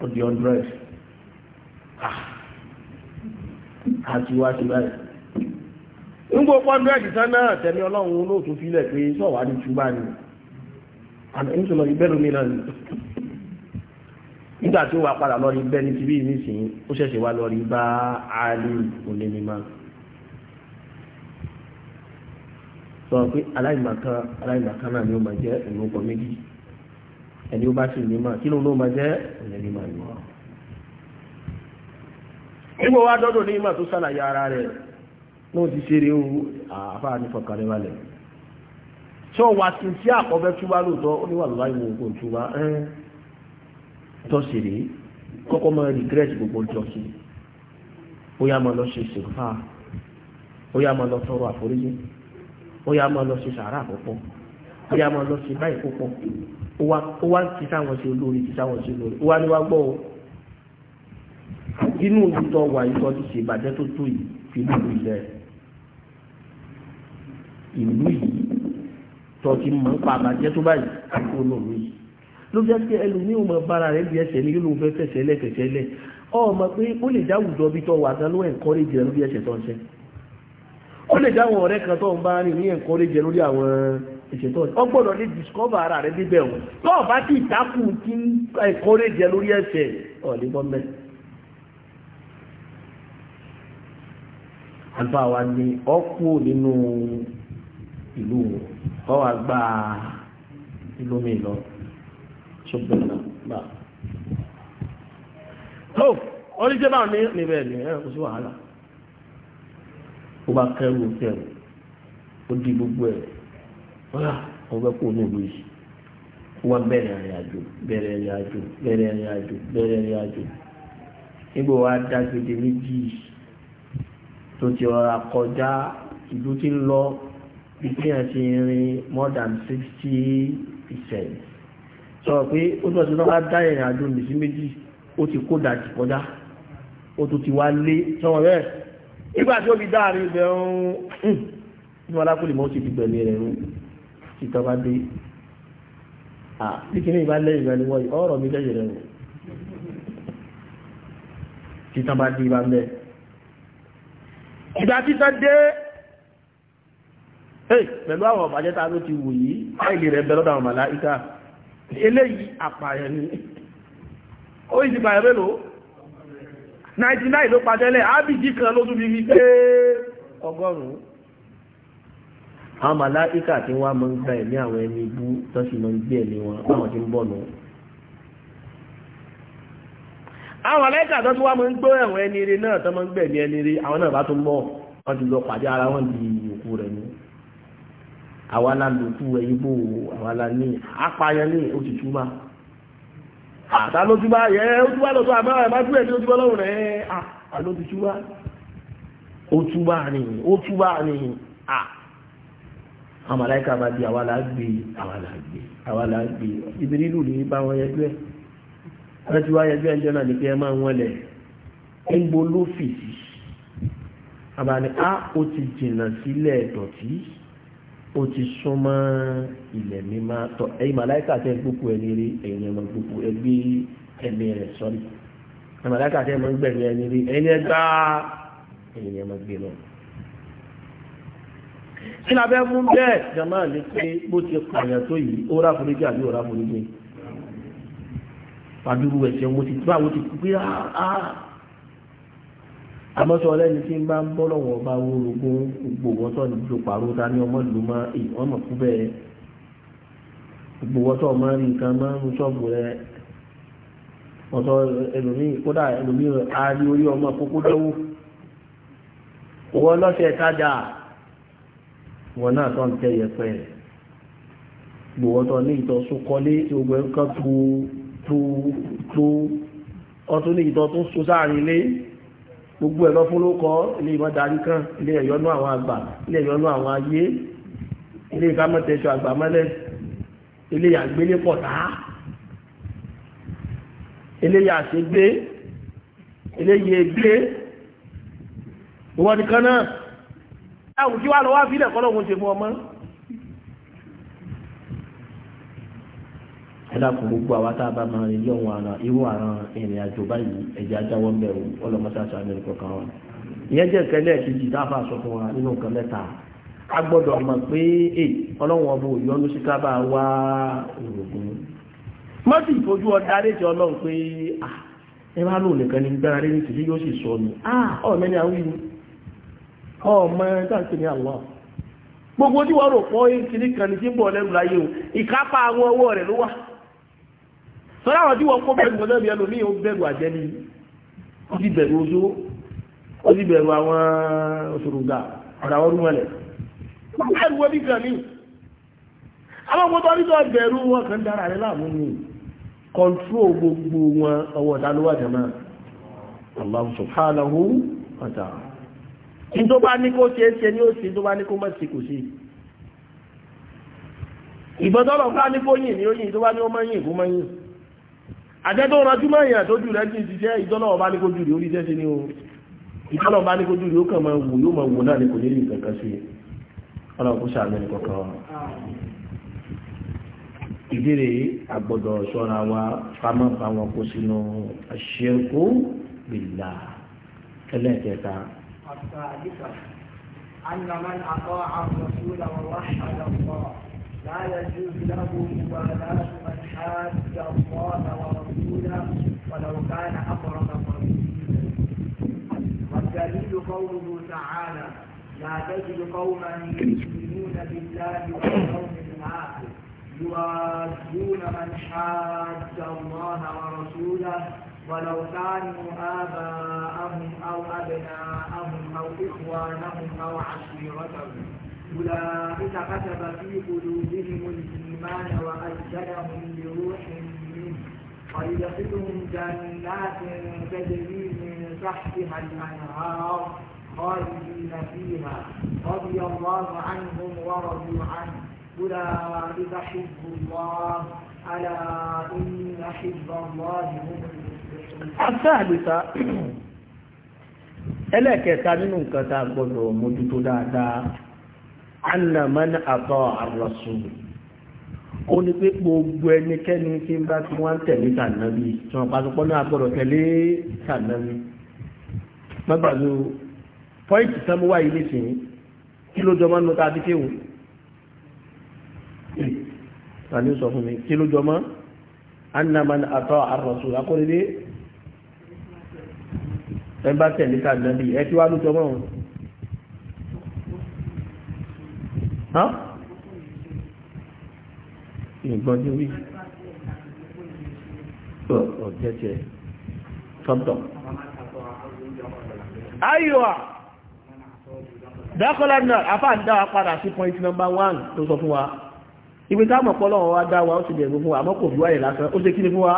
ó di hundred àti ah. wá sí báyìí ń gbogbo hundred tán náà tẹ̀mí ọlọ́run olóòtú filẹ̀ pé sọ̀wá ní túbà ni àmì ń sọ̀rọ̀ ìbẹ́rù mi náà ni nígbà tí ó wà padà lọ rí bẹ́ẹ̀ ní ti bí nísìnyí ó ṣẹ̀ṣẹ̀ wá lọ rí bá àálì òní mímọ́ sọ pé aláìmọ̀kan aláìmọ̀kan náà ni ó máa jẹ́ ìlú ọkọ̀ méjì ẹni ó bá sì nímọ̀ kí ló ló máa jẹ́ ẹni nímọ̀ ni wọ́n. nígbà wá dọ́dọ̀ ní ìmọ̀ tó sàlàyé ara rẹ̀ náà ti ṣeré o àfáà ní fọkànlẹ̀ balẹ̀ tí ó wà sí sí àkọ́bẹ́ túbá lóòótọ́ ó ní wà lọ́wọ́ ìwọ̀n ògùn túbá ẹ́ tọ́sí rèé kọ́kọ́ máa regret gbogbo ọjọ́ sí ó yá máa lọ ṣe ṣèlúfà ó yá máa lọ tọrọ àforíjì ó yá máa lọ ṣe sàárà àkọ́kọ́ ó yá máa lọ ṣe báyìí púpọ̀ ó wá ń kí sáwọn sí olórí kí sáwọn sí olórí ó wá ní wá gbọ́ o inú òtítọ́ wà ìtọ́ ti ṣe ìbàjẹ́ tó tó yìí fi lùlù ilẹ̀ ìlú yìí tọ́ ti mọ̀ ń pa àbàjẹ́ tó báyìí àti olóòrùn yìí ló jẹ́ pé ẹlòmíì ò mọ bára rẹ̀ bí ẹsẹ̀ ní yóò fẹ́ fẹsẹ̀ lẹ́kẹ̀sẹ̀ lẹ̀ ọmọ pé ó lè dáwùjọ bí tọ́ wà gan ló encourage rẹ̀ ó lè dáwọn ọ̀rẹ́ kan tó ń bá rìn ní encourage rẹ̀ lórí àwọn ìṣètò ọ gbọ́dọ̀ ní discover ara rẹ níbẹ̀ o tó o bá ti ìtakù tí ń kọ́rẹ́ jẹ lórí ẹsẹ̀ ọ̀ ní bọ́mẹ́. àlùfáà wa ni ọ kú nínú ìlú ọ wá gba ìlú mi lọ ṣùgbọ́n náà tó oníṣẹ́ báwọn ní níbẹ̀ ni ẹ̀rọ kò sí wàhálà ó bá kẹ́rù kẹ́rù ó di gbogbo ẹ̀ wọ́n wọ́n fẹ́ kó o nílùú yìí wọ́n bẹ̀rẹ̀ ìrìn àjò bẹ̀rẹ̀ ìrìn àjò bẹ̀rẹ̀ ìrìn àjò bẹ̀rẹ̀ ìrìn àjò nígbà wa dá gbèdé méjì tó ti ọ̀rà kọjá ìlú tí ń lọ ìpínyà ti rin more than sixty percent sọ pé ó tọ́ sí náà dá ìrìn àjò nìsí méjì ó ti kó dàjì kọjá ó tún ti wá lé sọ́wọ́n bẹ́ẹ̀ nígbà tí ó fi dáàrin ibẹ̀ ń ń lápò lè mọ́ ó ti fi gbẹ̀mí rẹ̀ ń ìtọ́ba dé kíkiri ìbá lẹ́yìn ìgbà ni wọ́n yìí ọ̀rọ̀ mi lẹ́yìn rẹ̀ wò títàn bá dé ìbá mẹ́ ìgbà títàn dé pẹ̀lú àwọn ọ̀bàjẹ́ta ló ti wò yìí láìlè rẹ̀ bẹ̀rọ̀dà àwọn màláíkà eléyìí àpààyàn ni ó ìsì pààyàn mélòó 99 ló pàtẹ́lẹ̀ ábìjì kan ló tún fi fi ọgọ́rùn-ún àwọn màláìkà tí wọ́n máa ń gba ẹ̀mí àwọn ẹni ibú tó sì máa ń gbé ẹ̀mí wọn báwọn ti ń bọ̀ nù. àwọn màláìkà tó tún wá máa ń gbọ́ ẹ̀wọ̀n ẹni eré náà tó máa ń gbẹ̀mí ẹni eré àwọn náà bá tún bọ̀ wọ́n ti lọ pàdé ara wọn di òkú rẹ̀ ni. àwa la lòkú ẹyíbò àwa la ní ní òtútù má. àtà ló yẹ ó tún àwọn màláìka bá di àwa làá gbé àwa làá gbé àwa làá gbé Ìbírílù ní bá wọn yẹjú ẹ̀ wọ́n ti wá yẹjú ẹjọ́ náà ní pé ẹ máa wọ́n lẹ̀ ń bo lófìsì àbàní a ó ti jìnnà sílẹ̀ dọ̀tí ó ti súnmọ́ ilẹ̀ mímá tọ́ ẹ̀yin màláìka tẹ́ gbókù ẹni rí ẹ̀yin ẹ̀mọ gbókù ẹgbẹ́ ẹ̀mí rẹ̀ sọ́rí ẹ̀yin màláìka tẹ́ mọ́ gbẹ̀mí ẹni rí ẹ̀yin ẹgbá ẹ̀yin ẹ̀mọ gbé kí la fẹ́ mú bẹ́ẹ̀ jama ní pé bó ti pààyàn tó yìí ó rà foríjì àbí ó rà foríjì pàdúrú ẹ̀ṣẹ̀ wọn ti tó àwọn ti kú pé áá ah, ah. àmọ́sọ ọlẹ́ni tí ń bá ń bọ́ lọ́wọ́ ọba wórogún gbogbo wọn tó ń ju pàrọ̀ ta ní ọmọ ìlú máa èyí wọ́n mọ̀ kú bẹ́ẹ̀ gbogbo wọn tó máa ń rí nǹkan máa ń ṣọ́ọ̀bù rẹ ọ̀tọ̀ ẹlòmíì kódà ẹlòmíì a rí orí ọmọ kókó dánwò owó ọlọ́sẹ̀ tájà wọn náà tó ń tẹ yẹpẹ rẹ̀ gbòwọ́tọ̀ ní ìtọ̀ sókọlé tí gbogbo ẹ̀ ń kán tó tó tó ọtún ní ìtọ̀ tó so sáàrin ilé gbogbo ẹ̀ lọ fún ló kọ́ ilé ìmọ̀ darí kan ilé ẹ̀yọ́nú àwọn àgbà ilé ẹ̀yọ́nú àwọn ayé ilé ìkámọ́tẹ̀ṣọ àgbà mọ́lẹ̀ ilé àgbélé pọ̀tá ilé àṣegbé ilé yẹ gbé ìwọ́n nìkan náà ẹ̀wùn kí wá lọ wá fílẹ̀ kọ́lọ́gùn ti mú ọmọ ẹ̀dàkùn gbogbo àwọn tá a bá máa rìn yọ̀hún àrà irú àrà ìrìn àjò báyìí ẹ̀jẹ̀ ajáwọ́ bẹ̀rù ọlọ́mọsáṣá ní kọ̀ọ̀kan wa ìyẹn jẹ́ nǹkan lẹ́ẹ̀kejì dáfà sọ fún wa nínú nǹkan mẹ́ta a gbọ́dọ̀ mọ̀ pé ẹ ọlọ́run ọba òyọ́nú sí ká bá wá òògùn mọ́tì ìfojú ọ̀dà àlejò ọlọ́run pé ah, ẹ bá lò nìkan ní gbára lé ní tìlú yóò sì sọ ni ah, ọ̀mẹ́ni àwọn ìlú ọmọ ẹ̀ńtàǹtì ní Allah gbogbo tí wọ́n rò pọ́ ìkíní kan ní tí ń bọ̀ lẹ́nu láyé o ìkápá àwọn ọwọ́ rẹ̀ ló wà sọ́dọ̀ àwọn tí wọ́n kó bẹ̀rù bẹ̀rù àjẹ́ ni ó bẹ̀rù ó bẹ̀rù àwọn bẹ̀rù wọn bí kan ní àwọn ọmọ tó ni gbogbo wọn ọwọ́ ní tó bá ní kó ṣe é ṣe ní ó ṣe tó bá ní kó mọ̀ sí kò ṣe ìbọn tọ́lọ̀ bá ní kó yìn ní ó yìn tó bá ní ó mọ̀ yìn kó mọ̀ yìn àjẹ́ tó rọjú mọ́ èèyàn tó jù rẹ̀ jì ṣiṣẹ́ ìjọ́lọ́wọ́ bá ní kó jù rí orí ṣẹ́ṣe ní o ìjọ́lọ́wọ́ bá ní àgbọ̀dọ̀ ṣọ́ra wa fámọ́ kó sínú àṣẹ́kù bìlà ẹlẹ́ẹ̀kẹta الثالثة أن من أطاع الرسول ووحد الله لا يجوز له موالاة من حاد الله ورسوله ولو كان أقرب قريبا والدليل قوله تعالى لا تجد قوما يؤمنون بالله واليوم الآخر يوادون من حاد الله ورسوله ولو كانوا آباءهم أو أبناءهم أو إخوانهم أو عشيرتهم أولئك كتب في قلوبهم الإيمان وأجدهم بروح منه ويدخلهم جنات تجري من تحتها الأنهار خالدين فيها رضي الله عنهم ورضوا عنه أولئك حزب الله ألا إن حزب الله هم المفلحون asáàgbèta ẹlẹ́ẹ̀kẹta nínú nǹkan tá a gbọ́dọ̀ mójútó dáadáa anamani àtọ́ àrọ̀sù ó ní pé gbogbo ẹnikẹ́ni tí ń bá tí wọ́n ń tẹ̀lé tànàbí tí wọ́n pàṣípọ́ náà gbọ́dọ̀ tẹ̀lé tànàbí mọ́gbàdo pọ́ìntì tán wá ilé sí ní kí ló jọ mọ́ nù tàbí kéwù tàbí sọ fún mi kí ló jọ mọ́ anamani àtọ́ àrọ̀sù akọ́rẹ́lẹ́ ẹ bá tẹ̀lé ká nàbí ẹ tí wá ló jọmọ́ wọn. ìgbọ́n ní wí ọ̀jẹ́ tiẹ̀ tọ́tọ̀. ayọ̀wà dákọ́lá náà afá ń dá wa padà sí point number one tó sọ fún wa ibi táwọn ọ̀pọ̀lọ́wọ́ wa dá wa ó sì bẹ̀rù fún wa àmọ́ kò fi lásán ó ṣe kí ni fún wa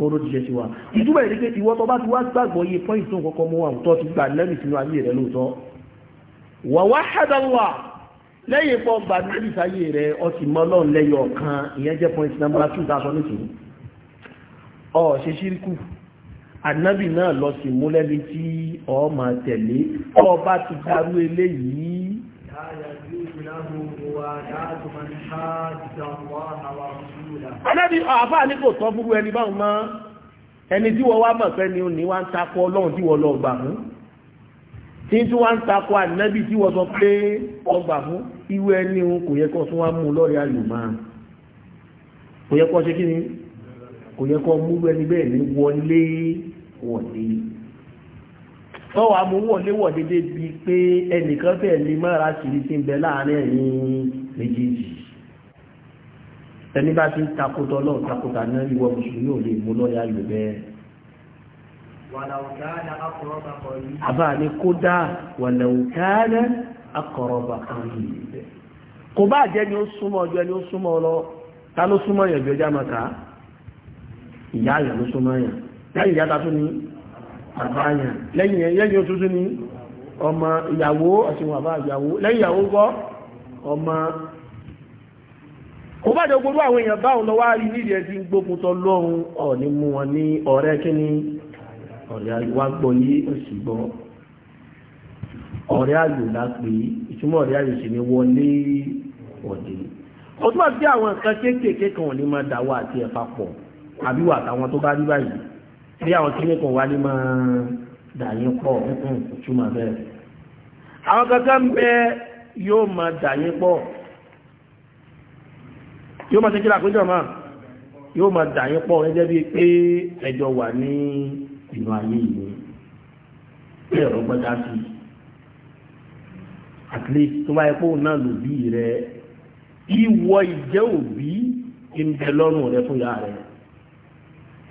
oró ti ṣe sí wa ìtumọ̀ ìrí pé ìwọ tó bá ti wá gbàgbọ́ iye pọ́ìntì tó ń kọ́kọ́ mọ́ àwọn tó ti gbà lẹ́mì sínú ayé rẹ lóòótọ́ wà wá ṣàdánwà lẹ́yìn pọ́ gbà lẹ́mì sáyé rẹ ọtí mọ́ lọ́n lẹ́yọ kan ìyẹn jẹ́ pọ́ìntì nàmbà tù tá a sọ nítorí ọ ṣe ṣíríkù ànábì náà lọ sí múlẹ́ni tí ọ máa tẹ̀lé ọ bá ti darú eléyìí. láyà bí ìlànà òwò àdáàtò máa ń ṣáà ẹlẹ́bi àfà ní kò tọ́ búrú ẹni báwọn mọ́ ẹni tí wọ́n wá mọ̀ pé ni òní wá ń takọ ọlọ́run tí wọ́n lọ gbà mú tí tí wọ́n ń takọ ànábì tí wọ́n sọ pé ọgbà mú irú ẹni òun kò yẹ kó tún wá mú lọ́rẹ̀ ayò máa kò yẹ kó ṣe kí ni kò yẹ kó mú ẹni bẹ́ẹ̀ ní wọlé wọ̀dé tọ́wọ́ amúwọ̀léwọ̀dé débi pé ẹnìkan fẹ́ẹ̀ lè má ra ti ń bẹ láàárín ẹ̀yìn méjèèjì ẹni bá ti takótọ́ lọ́wọ́ takótà náà ìwọ mùsùlùmí ò lè mú lọ́yà lò bẹ́ẹ̀. àbá ni kódà wàlẹ̀wùkánà akọ̀rọ̀bà kan yìí. kò bá jẹ́ ni ó súnmọ́ ọjọ́ ẹni ó súnmọ́ ọ lọ ta ló súnmọ́ yẹn jọjá máa kà á ìyá ló súnmọ́ yẹn lẹ́yìn ìyá ta tún ní àbá yẹn lẹ́yìn yẹn lẹ́yìn oṣù tún ní ọmọ ìyàwó àti wọn ìyàwó lẹ́yìn ìyàwó ń ọmọ kò bá jẹ́ gbogbo àwọn èèyàn báwọn lọ wá rí ní ìrẹ́ sí tọ lọ́run ọ̀ní mú wọn ní ọ̀rẹ́ kí ni ọ̀rẹ́ àyíwá gbọ́ ní òsì gbọ́ ọ̀rẹ́ àyò lápé ìtumọ̀ ọ̀rẹ́ àyò sì ni wọlé ọ̀dẹ́ ó túnmọ̀ sí àwọn nǹkan kéékèèké kan ní máa dà wá àti ẹ̀fà pọ̀ àbí wà táwọn tó bá rí báyìí bí àwọn kíní kan wá ní máa dà yín pọ̀ túmọ̀ bẹ́ẹ̀ àwọn kankan bẹ́ẹ̀ yóò máa dà yín pọ̀ yóò máa tẹ́kílà pé jọ̀mọ́ yóò máa dà yín pọ̀ gẹ́gẹ́ bíi pé ẹjọ́ wà ní ìlú ayé ìlú pé ẹ̀rọ gbọ́dá sí i at least tó bá yẹ kó náà lò bí rẹ ìwọ ìjẹ́ òbí ń bẹ lọ́rùn rẹ fún ìyá rẹ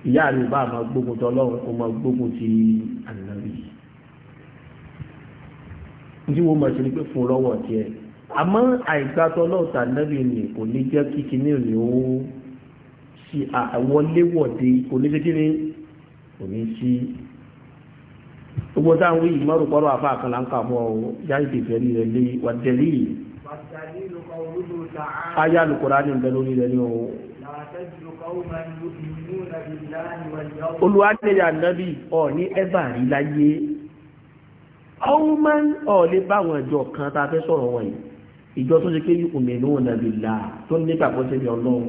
ìyá rẹ bá máa gbógun tó ọlọ́run kó máa gbógun ti ànábì. ní wọ́n máa ṣe ni pé fún lọ́wọ́ tiẹ̀ àmọ́ àìgbàtọ́ lọ́ọ̀tà lẹ́bi ni kò ní jẹ́ kí kinní rẹ̀ ó ṣe àwọléwọ̀de kò ní ṣe kí ni kò ní sí gbogbo táwọn wí ìmọ̀rù pọ̀rọ̀ àfa àkànlá ń kà mọ́ ọ yáyí tètè rí rẹ̀ lé wà tẹ̀lé yìí. ayé alukora ni nbẹ lórí rẹ̀ ni o. olùwádìyà nàbì ọ̀ ní ẹ́bà rí láyé ọ̀hún máa ń ọ̀ lè bá àwọn kan tá a fẹ́ sọ̀rọ̀ wọ̀nyí ìjọ tó ṣe pé òmìnirún nàbìlà tó ní pàpọ̀ sí ibi ọlọ́run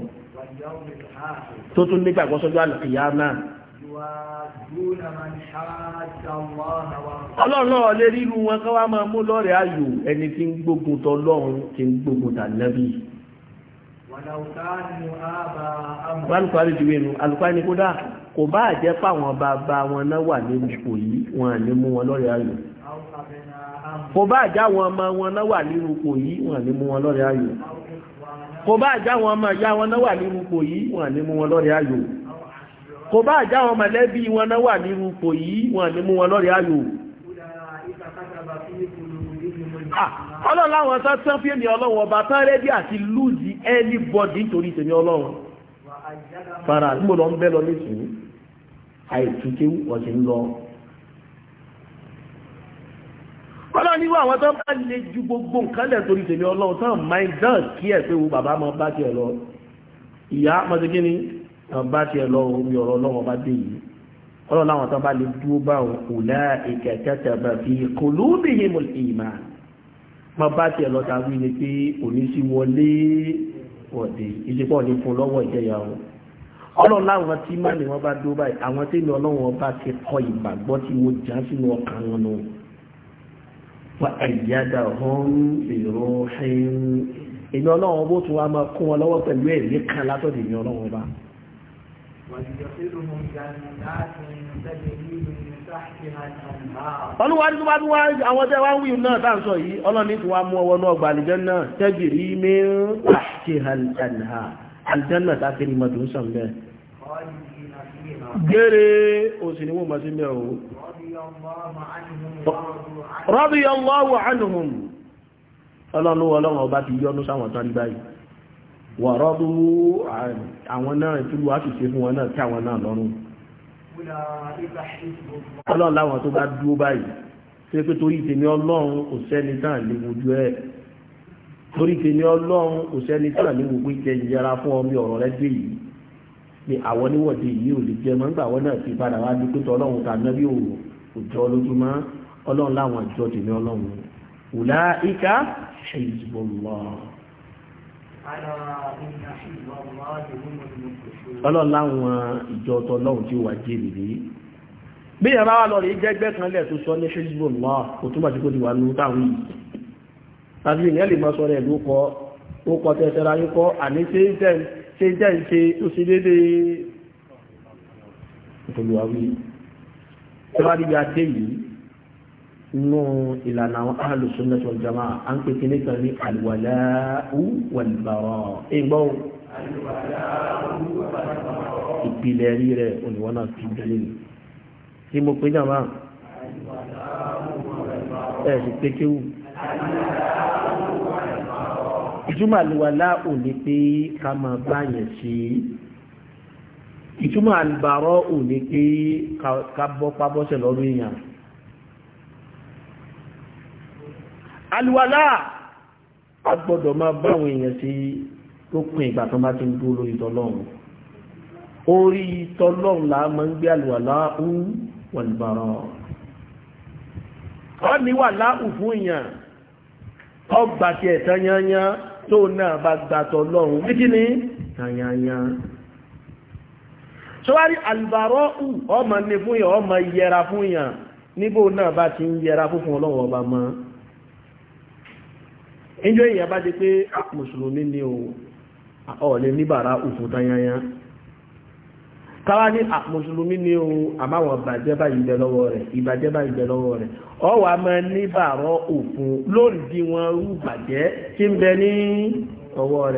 tó tún ní pàpọ̀ sọ́jọ́ àlùkìyà náà. ọlọ́run náà lè ríru wọn ká wá máa mú lọ́rẹ̀ ayò ẹni tí ń gbógun tọ lọ́run tí ń gbógun tà lẹ́bí. wàlùkọ́ àríjúwé nu àlùkọ́ ẹni kódà kò bá jẹ́ pàwọn bàbá wọn náà wà ní ipò yìí wọn à mú wọn lọ́rẹ̀ ayò kò bá àjá wọn ọmọ wọn náà wà nínú ipò yìí wọn ní mú wọn lọ́rẹ̀ ayò kò bá àjá wọn ọmọ ìyá wọn náà wà nínú ipò yìí wọn ní mú wọn lọ́rẹ̀ ayò kò bá àjá wọn mọ̀lẹ́bí wọn náà wà nínú ipò yìí wọn ní mú wọn lọ́rẹ̀ ayò ọlọ́láwọn tán tán fí èmì ọba tán rẹ́dí àti lúzi anybody nítorí tèmi ọlọ́run fara nígbòlọ́ ń bẹ́ lọ nísìnyí àìtúkéwù ọ̀sìn lọ ọlọ́run níwọ̀ àwọn tó bá lè ju gbogbo nǹkan lẹ̀ torí tèmi ọlọ́run tán máa dán kí ẹ̀ pé wo bàbá mọ bá tiẹ̀ lọ ìyá mọ sí kíni bá tiẹ̀ lọ omi ọ̀rọ̀ ọlọ́run ọba dé yìí ọlọ́run láwọn tó bá lè dúró bá wọn kò náà ìkẹ̀kẹ́ tẹ̀bẹ̀ fi kò lóbi yìí mo lè mà mọ bá tiẹ̀ lọ tàbí ni pé òní wọlé ọ̀dẹ̀ ìdípọ̀ ní fún lọ́wọ́ ìjẹyà wọn ọlọ́run láwọn tí má ni wọ́n bá dúró wà ẹ̀yàdà hàn èrò ṣẹ́yìn èmi ọlọ́run bó tún wá máa kún wọn lọ́wọ́ pẹ̀lú ẹ̀mí kan látọ̀dọ̀ èmi ọlọ́run bá olúwa ní tó bá tún wá àwọn tẹ́wà ń wíyùn náà tàà ń sọ yìí ọlọ́ni tó wá mú ọwọ́ náà gbà àlìjẹ́ sí mẹ́ radiyallahu anhum ọlọ́run ọlọ́run ọba ti yọ́nú sáwọn tán rí báyìí wà rọ́dú àwọn náà ìtúlù wá sì ṣe fún wọn náà tí àwọn náà lọ́rùn ọlọ́run láwọn tó bá dúró báyìí tí pé torí ìtẹ̀mí ọlọ́run kò sẹ́ni tán lè wojú ẹ̀ torí ìtẹ̀mí ọlọ́run kò sẹ́ni ni àwọn níwọ̀de yìí ò lè jẹ mọ́ nígbà wọn náà ti padà wá dúpẹ́ tọ́lọ́run tàbí òòrùn òjò lójúmọ́ ọlọ́run láwọn àjọ tèmi ọlọ́run wùlá ìka ṣèjìbọ̀lọ́ ọlọ́run láwọn ìjọ tọ́lọ́run tí ó wà jèrè rí bí ìyàrá wà lọ rí jẹ́gbẹ́ kan lẹ̀ tó sọ ní ṣèjìbọ̀lọ́ kò túmọ̀ sí kó ti wà ní táwọn yìí àti ìyẹn lè máa sọ rẹ̀ ló kọ ó kọ tẹ́tẹ́ra yín kọ́ àní ṣe ń tẹ́ ń ṣe tó ṣe déédéé tẹ́wárí bíi adé yìí nù ìlànà àwọn ahlu sunnah wal jamaa à ń pè kíní kan ní al-wala'u wal-bara' ìgbọ́ ìpìlẹ̀ rí rẹ̀ olùwọ́n náà ti délé ni tí mo pè jàmbá ẹ̀ sì pé kéwù ìtumọ̀ al-wala'u ni pé ká máa báyẹn sí i ìtumọ̀ àlùbárọ́ ò ní pé kábọ́ pábọ́sẹ̀ lọ́rọ̀ èèyàn alùwàlá a gbọ́dọ̀ máa báwọn èèyàn sí tó pin ìgbà tó bá ti ń dúró lórí tọlọ́run orí tọlọ́run là máa ń gbé àlùwàlá ń wàlùbárọ́ wọ́n ní wà láhùn fún èèyàn ọgbà tí ẹ̀tàn yányán tó sọwari àlùbárọ́ ù ọmọ ní ọmọ yẹra fún yàn níbò náà ti n yẹra fún fún ọba ma injú èyàn ba di pe mùsùlùmí ni ọ̀lẹ́ níbàrá òfúta yányán káwá ní mùsùlùmí ni o ah, àmáwọn ìbàjẹ́ báyìí bẹ lọ́wọ́ rẹ̀ ìbàjẹ́ báyìí bẹ lọ́wọ́ wọn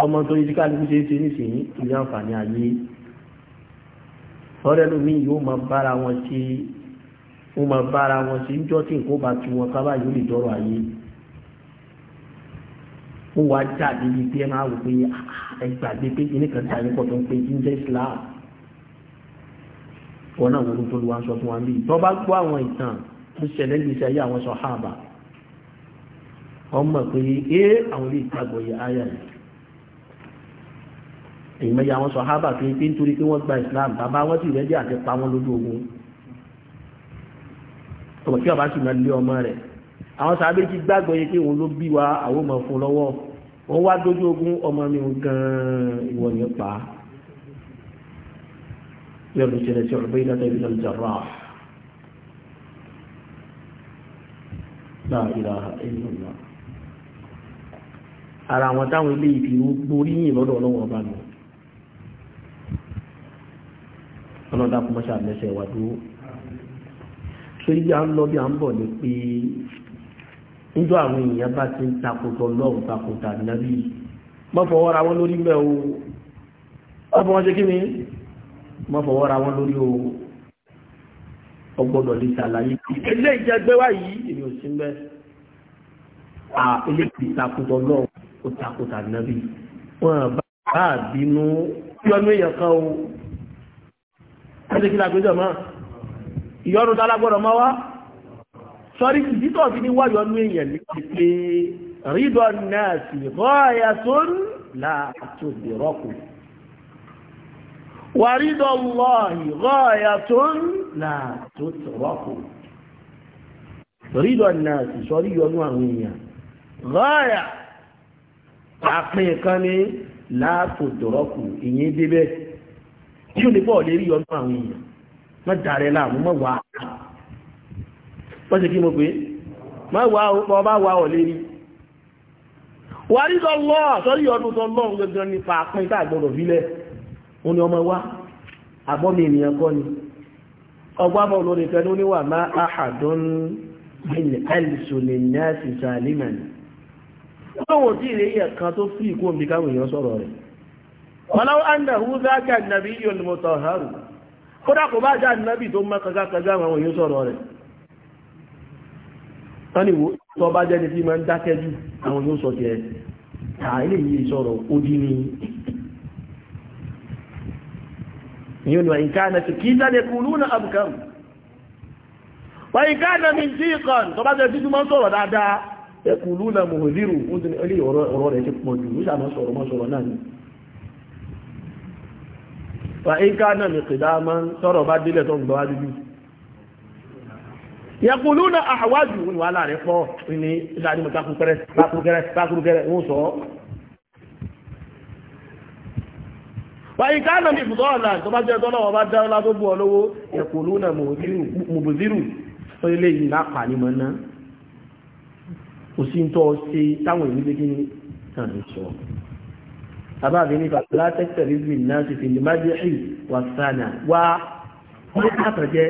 ọmọ tó yí kálukú ṣe é ṣe nísìnyí ìlú àǹfààní ayé lọ́rẹ́ lómi yóò máa bára wọn ṣe wọ́n máa bára wọn ṣe ń jọ́ tí nǹkan bá ti wọn kábà yóò lè dọ́rọ̀ ayé wọ́n wá jáde bíi pé ẹ máa wò pé ah, ẹ gbàgbé pé kíní kan tàbí pọ̀ tó ń pe jíjẹ́ Islam wọn náà wọ́n tó lu aṣọ tó wà bí tó bá gbọ́ àwọn ìtàn tó ṣẹlẹ̀ gbèsè ayé àwọn sàhábà ọmọ pé é àwọn ilé ìtagbọ̀ yẹ áyà yìí ìmẹ̀yà àwọn sọ̀hábà tó ń pín nítorí pé wọ́n gba Islam bàbá wọn sì rẹ́jẹ́ àti pa wọn lójú ogun ọmọ tí ọba sì máa lé ọmọ rẹ̀ àwọn sàábé ti gbàgbọ́ yẹ pé òun ló bí wa àwọn ọmọ fún lọ́wọ́ wọ́n wá dójú ogun ọmọ mi gan-an ìwọ ni pa á yọ̀rù ṣẹlẹ̀ sí ọ̀rọ̀ ìdájọ́ ìbílẹ̀ ìjọba náà ìlàhà ìlànà ara àwọn táwọn ilé ìfìrú gboríyìn lọ́dọ̀ ọlọ́wọ́ ọba mi ọlọ́dà kó mọ́ṣà mẹ́sẹ̀ wà dúró torí ń lọ bí a ń bọ̀ ni pé níjọ́ àwọn èèyàn bá ti ń takùtọ̀ lọ́wọ́ takùtà nábì má fọwọ́ ra wọn lórí mẹ́ o má ni má fọwọ́ ra wọn lórí o ọgbọ́dọ̀ lè ṣàlàyé ilé ìjẹgbẹ́ wá yìí èmi ò sí mbẹ́ à lọ́wọ́ ó takùtà nábì wọn bá bínú yọnu èèyàn kan o ẹ̀sẹ̀ kí lágbéjọ máa ìyọnu tálágbọ́dọ̀ máa wá sọ́rí ìdítọ̀ fi ní wáyọnú èèyàn ní pé rídọ̀ náà sì rọ́ọ̀yà tó ń láàtò lè rọ́kù wà rídọ̀ lọ́ọ̀hì rọ́ọ̀yà tó ń láàtò lè rọ́kù rídọ̀ náà sì sọ́rí ìyọnú àwọn èèyàn rọ́ọ̀yà àpín ní láàtò lè ìyẹn débẹ̀ tí ò ní bọ́ọ̀ lè rí ọdún àwọn èèyàn má dàrẹ láàmú mọ́ wà á wọ́n ṣe kí mo pé má wà ó bá wà ọ̀ lè rí wà rí lọ́lọ́ àsọ́rí ọdún tó lọ́run gangan nípa pín tá àgbọ̀dọ̀ fílẹ̀ òun ni ọmọ wa àbọ́mi ènìyàn kọ́ ni ọgbà bọ̀ lórí fẹ́ ló níwà má ọlọ́wọ́ anda zaka nabiyyul mutahharu kódà kò bá jẹ́ annabi tó mọ́ kagakaga àwọn èèyàn sọ̀rọ̀ rẹ̀ tánìwò tó bá jẹ́ ma ń dákẹ́ jù àwọn èèyàn sọ jẹ́ àìlè yìí sọ̀rọ̀ ó dí ní na wà na ní wà íká náà ní kìdá máa ń sọ̀rọ̀ bá délẹ̀ tó ń gbọ́ wájú bí yẹkùlú náà àwájú ní wàhálà rẹ̀ pọ̀ ní ìdájú mọ̀tàkùnkẹrẹ tákùrùkẹrẹ ń sọ wà íká náà ní ìfùtọ́ ọ̀la tó bá jẹ́ tọ́lọ́wọ́ bá dá tó bú ọ lọ́wọ́ yẹkùlú náà mùbùzírù tó àbáàbí nípa látẹ́kẹ̀ rírí náà ti fi lè má jẹ́ ì wà sànà wá wọ́n àtọ̀jẹ́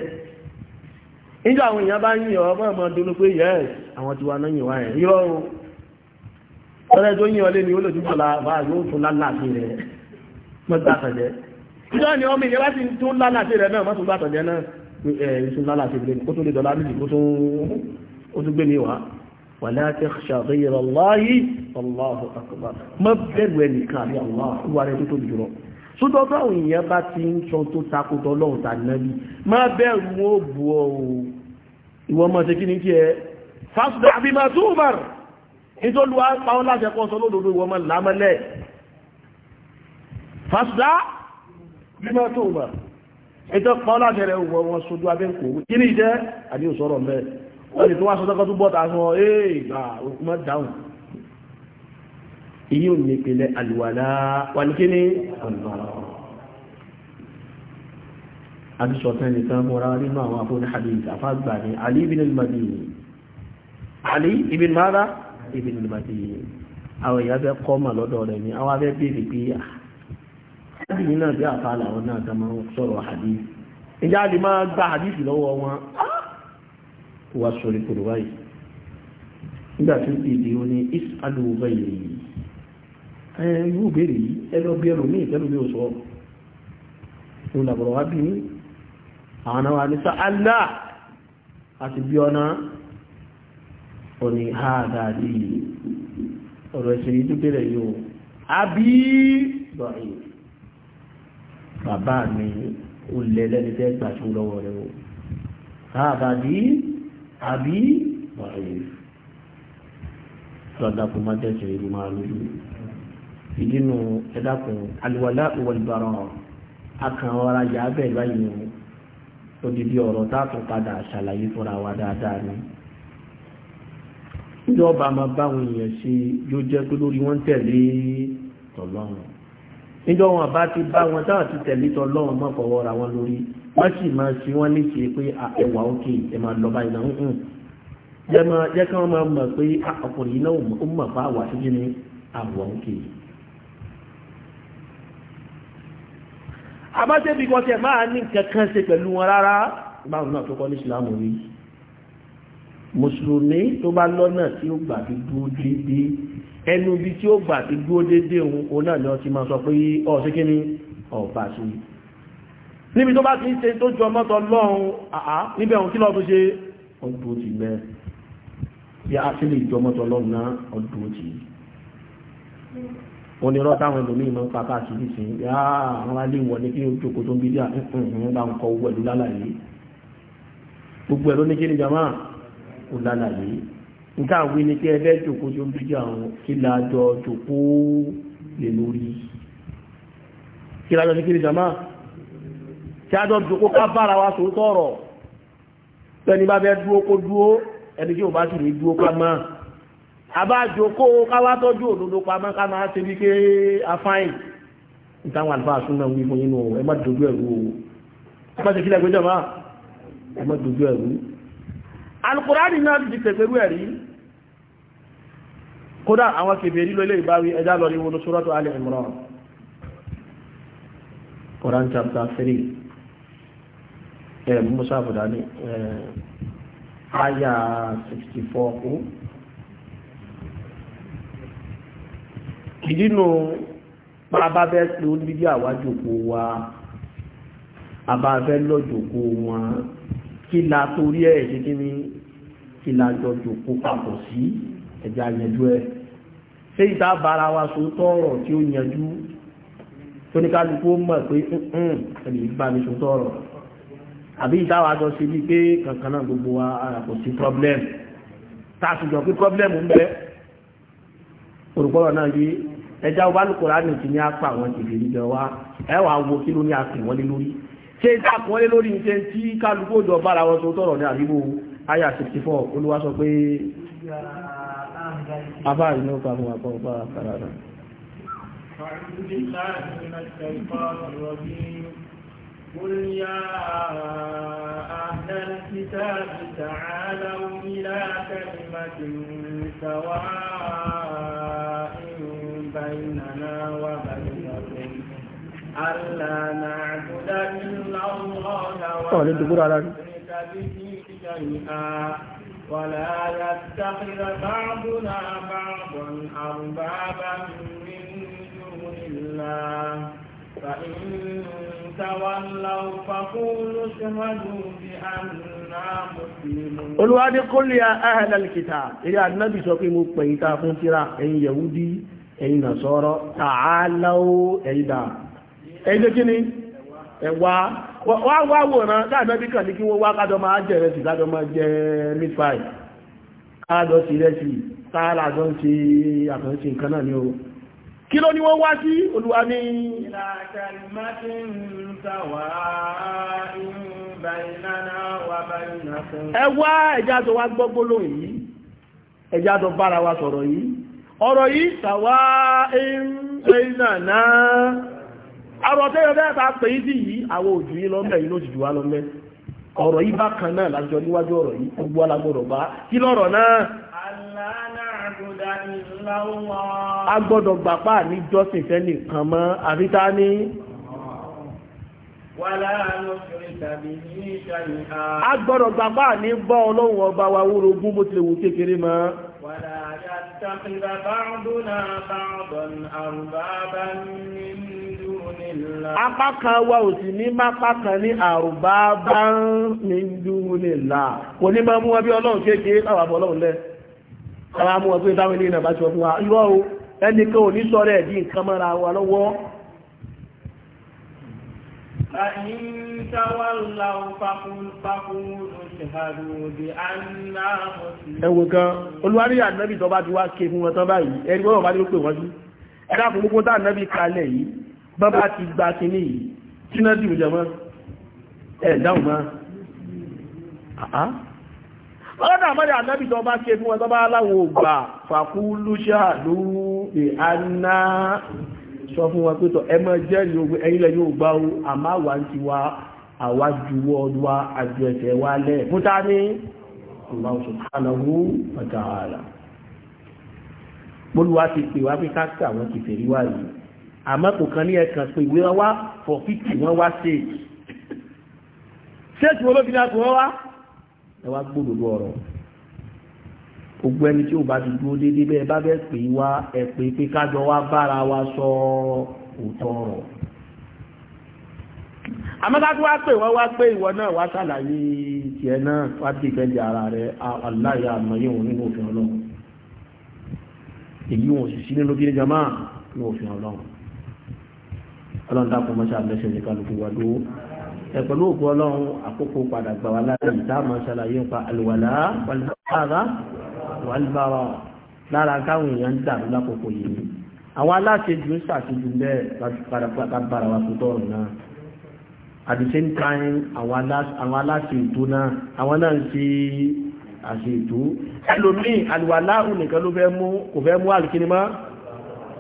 níjọ́ àwọn èèyàn bá ń yìn ọmọ ọmọ dúró pé yẹ́ àwọn tí wà náà yìn wá ẹ̀ yọ́ ohun ọ̀rẹ́ tó yìn ọlé ni ó lè túbọ̀ láàbá yóò tún lálàáfí rẹ̀ mọ́tàtọ̀jẹ́ níjọ́ ni ولا تخشى غير الله الله أكبر ما بẹ̀rù ẹnìkan àbí Allah wà rẹ̀ tó tóbi jùlọ sódọ́ báwọn èèyàn bá ti ń sọ tó takòtọ́ lọ́wọ́ tà náà má bẹ̀rù wọn ò bù ọ o ìwọ máa ṣe kí ni kí ẹ fásitì àbí máa tó bàr nítorí wàá pa láti ẹ̀kọ́ sọ lódodo ìwọ máa lámọ́lẹ̀ fásitì àbí máa tó bàr wọ́n lè tó wá sọ́tọ́kọ́ tó bọ́ta sọ èègbà mọ́ dáhùn èyí ò ní ìpìlẹ̀ àlùwàlá wà ní kíní àdìsọ̀tẹ́ nìkan mọ́ra nínú àwọn afọ́nà hadith àfágbà ní Ali ibn al-Madini Ali ibn mara ibn al-Madini àwọn èèyàn fẹ́ kọ́ mà lọ́dọ̀ rẹ̀ ni àwọn afẹ́ bèèrè pé àdìyí ah, náà bí àfáà làwọn náà ta máa ń sọ̀rọ̀ hadith máa gba hadith lọ́wọ́ wọn ah, wá sórí kòrò báyìí nígbà tí ó ti di ó ní isalu bẹ́ẹ̀ yìí ẹ yóò béèrè yìí ẹ lọ bí ẹrù míì tẹ́lú mi ò sọ òun làbọ̀rọ̀ wá bí àwọn àwọn àníṣà alá àti bí ọ̀nà òní ha dáadé ọ̀rọ̀ ẹ̀sẹ̀ yìí tó bẹ̀rẹ̀ yìí àbí lọ́yìn bàbá mi ò lẹ́lẹ́ni tẹ́ gbàṣú lọ́wọ́ rẹ̀ o ha dáadé àbí báyìí tó àdàkùn má tẹ̀sẹ̀ ìlú máa lójú ìdínú ẹ̀dàkùn àlùwàlá ìwọ̀lùbàrà akàn ọ̀rá yà bẹ́ẹ̀ báyìí ó di ọ̀rọ̀ tá a tún padà ṣàlàyé fúnra wa dáadáa ni ìjọba máa báwọn èèyàn ṣe yóò jẹ́ pé lórí wọ́n tẹ̀lé tọlọ́run níjọ́ wọn bá ti bá wọn táwọn ti tẹ̀lé tọlọ́run mọ́ fọwọ́ ra wọn lórí wọ́n sì máa fi wọ́n ní ṣe pé ẹwà òkè ẹ máa lọ báyìí náà ń jẹ́ kí wọ́n máa mọ̀ pé ọkùnrin náà ó mọ̀ fún àwà síbi ní àwọ̀ òkè. àbájẹ́bí kan tẹ̀ máa ní kankan ṣe pẹ̀lú wọn rárá báwọn náà tó kọ́ ní ìsìlámù rí mùsùlùmí tó bá lọ́nà tí ó gbà fi dúró déédéé ẹnu bí tí ó gbà fi dúró déédéé òun náà ni wọ́n ti máa sọ pé ọ̀ níbi tó bá ti ń ṣe tó jọ mọ́tọ̀ lọ́run àá níbẹ̀ òun kí lọ́ tó ṣe ọdún ti bẹ́ bí a ṣe lè jọ mọ́tọ̀ lọ́run náà ọdún ti onírọ́ táwọn ẹlòmíì máa ń pa káàkiri sí i yá àwọn alẹ́ ìwọ ni kí o jókòó tó ń bí díà ń bá ń kọ owó ẹ̀lú lálàyé gbogbo ẹ̀lú ní kíni jama kò lálàyé nǹkan àwí ni kí ẹgbẹ́ jókòó tó ń bí díà ń kí lájọ jókòó lè lórí kí lájọ ní kíni jama kí a jọ dùkú ká bára wa sọ tọrọ tẹni bá fẹ́ dúó kó dúó ẹni tí ò bá sì ní dúó pamọ́ àbájòkó káwá tọ́jú òdodo pamọ́ ká máa ṣe bí ké afáìn ìtàwọn àlùfáà súnmọ́ wí fún yín ẹ má dojú ẹ̀rú o ẹ má ṣe kílẹ̀ gbẹ́jọ́ ẹ má dojú ẹ̀rú alukurani náà ti pẹ̀pẹ̀rú ẹ̀rí kódà àwọn kèfèrí lólè ìbáwí ẹjá lọ ní wọn suratu Ali Imran Quran chapter 3 Eh, musa abudani eh, aya 64 kú ìdínú bàbá bẹ́ tí ó níbi àwájòkó wa àbáfẹ́ lọ́jòkó wọn kí la torí ẹ̀ ṣe kí ní kí la jọ jòkó papọ̀ sí ẹ̀já yẹjú ẹ̀ ṣé ìta bára wa sọ tọ́rọ̀ tí ó yẹjú tóníkálukú mọ̀ pé ẹ̀lì bá mi sọ tọ́rọ̀ àbí ìtawà àjọ sí bí pé kankan náà gbogbo wa kò sí problem tààtùjọ pé problem ń bẹ olùkọ́rọ̀ náà yé ẹja ọba Al-Kùránì ti ní apá àwọn tìbí níjọ wa ẹ wàá wo kí ló ní apè wọn lé lórí ṣé ń tà kún lé lórí ṣe ń tí kálukú òjò bára wọn tó tọrọ ní àríwó àyà 64 Olúwa sọ pé afá ìlú ọkọ àwọn àpọ̀ قل يا أهل الكتاب تعالوا إلى كلمة سواء بيننا وبينكم ألا نعبد إلا الله ولا نشرك به شيئا ولا يتخذ بعضنا بعضا أربابا من دون الله فإن تولوا فقولوا اشهدوا بأننا مسلمون Olúwa قل يا أهل الكتاب إلى النبي sọ pé mo pè yín ta fún tírà ẹ̀yin Yahudi تعالوا ẹ̀yìdà ẹ̀yìn kí ni ẹ̀wà wá wòrán káàdọ́ bí kàn ní kí wọ́n wá kájọ máa jẹ rẹ̀ sí kájọ máa jẹ mid-five sí rẹ̀ sí sí nǹkan náà ni kí ló ní wọ́n wá sí olúwa ní ẹwà ẹjá wá gbọ́gbọ́ lóhùn yìí ẹjá bára wa sọ̀rọ̀ yìí ọ̀rọ̀ yìí tàwà tó bá yìí yìí ọ̀rọ̀ yìí náà lájọ níwájú ọ̀rọ̀ yìí gbogbo bá kí lọ́rọ̀ náà a gbọ́dọ̀ gbàpá ní jọ́sìn fẹ́lẹ̀ kan mọ́ àríta ní a gbọ́dọ̀ gbàpá ní bọ́ ọlọ́run ọba wa wórogún bó tilẹ̀ wù kékeré mọ́ apá kan wa ò sì ní mápá kan ní àrùbá bá ń ní dúró nílà kò ní máa mú wọn bí ọlọ́run kéèkéé láwàbọ̀ ọlọ́run lẹ́ẹ̀ àwọn amú ọgbẹ́ táwọn ilé ìnàbá sọ fún wa irọ́ o ẹnìkan ò ní sọ́rọ̀ ẹ̀dí nǹkan mọ́ra wa lọ́wọ́ ẹwọ gan olúwarí ànábì tó bá ti wá ké fún wọn tán báyìí ẹni wọ́n bá ní ó pè wọ́n sí ẹ̀dá fún gbogbo tá ànábì kalẹ̀ yìí bọ́n bá ti gba kíní yìí tí náà dìbò jẹ mọ́ ẹ̀ dáhùn mọ́ ọlọ́dà àmọ́dà ànábì tó bá ṣe fún ẹ tó bá láwọn ògbà fàkúlúṣà ló lè aná sọ fún wọn pẹ́tọ̀ ẹ mọ́ jẹ́ ẹ̀yìnlẹ̀ yóò gbá o àmáwà ti wá àwájúwọ́ ọdúnwá àjọ ẹ̀fẹ́ wá lẹ̀ fúta ní Allah subhanahu wa ta'ala bólúwa ti pè wá pé káàkiri àwọn kìfèrí wá yìí àmọ́ kò kan ní ẹ̀kan pé ìwé wọn wá ẹ wá gbódòdó ọ̀rọ̀ gbogbo ẹni tí ò bá ti dúró déédéé bẹ́ẹ̀ bá bẹ́ẹ̀ pè wá ẹ pé pé kájọ wá bára wa sọ òótọ́ ọ̀rọ̀ amẹ́kàtí wá pè wọ́n wá pé ìwọ náà wá ṣàlàyé tiẹ̀ náà wá ti ìfẹ́jì ara rẹ̀ aláìyá àmọ́ yìí òun nínú òfin ọlọ́run èyí wọn sì sí nínú kíni jama ní òfin ọlọ́run ọlọ́run dákun mọ́ṣáà lẹ́sẹ̀ ní kálukú wa dúró ẹ̀pẹ̀lú òkú ọlọ́run àkókò padà gbà wá láti ìta máa ṣàlàyé nípa àlùwàlá wàlúbàrà wàlúbàrà lára káwọn èèyàn ń dàrú lákòókò yìí àwọn aláṣejù ń ṣàṣejù at the same time àwọn aláṣe ètò náà àwọn náà ń ṣe àṣe ètò ẹlòmíì àlùwàlá nìkan ló fẹ́ mú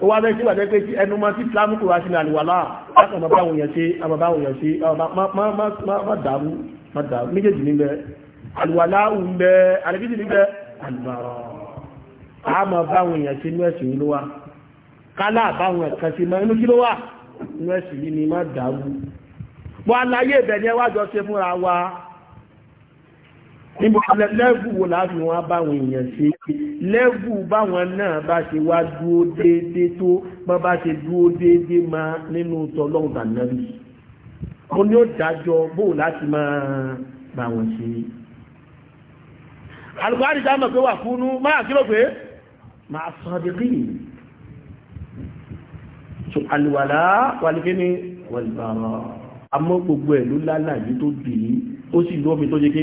ó wá bẹ́ẹ̀ sígbà pé tí ẹnu máa tí islamu kò wá sí àlùwàlá láti ọmọ báwọn èèyàn ṣe ọmọ báwọn èèyàn ṣe má dàrú má dàrú méjèèjì níbẹ̀ àlùwàlá ń bẹ àlẹ́bíjì níbẹ̀ àlùbàrọ̀ a mọ̀ báwọn níbo lẹ́bù wo láàbí wọn báwọn èèyàn ṣe lẹ́bù báwọn náà bá ṣe wá dúó déédéé tó bá bá ṣe dúó déédéé máa nínú tọ́lọ́hùn tànàbí mo ní ó dájọ́ bó láti máa bá wọn ṣe. alùpàdé sáà mọ̀ pé wà fúnú máa kí ló pé máa sọ de kí so àlùwàlá wàlùkí ni wàlùbàrà àmọ́ gbogbo ẹ̀ ló lálàyé tó bì í ó sì lómi tó ṣe kí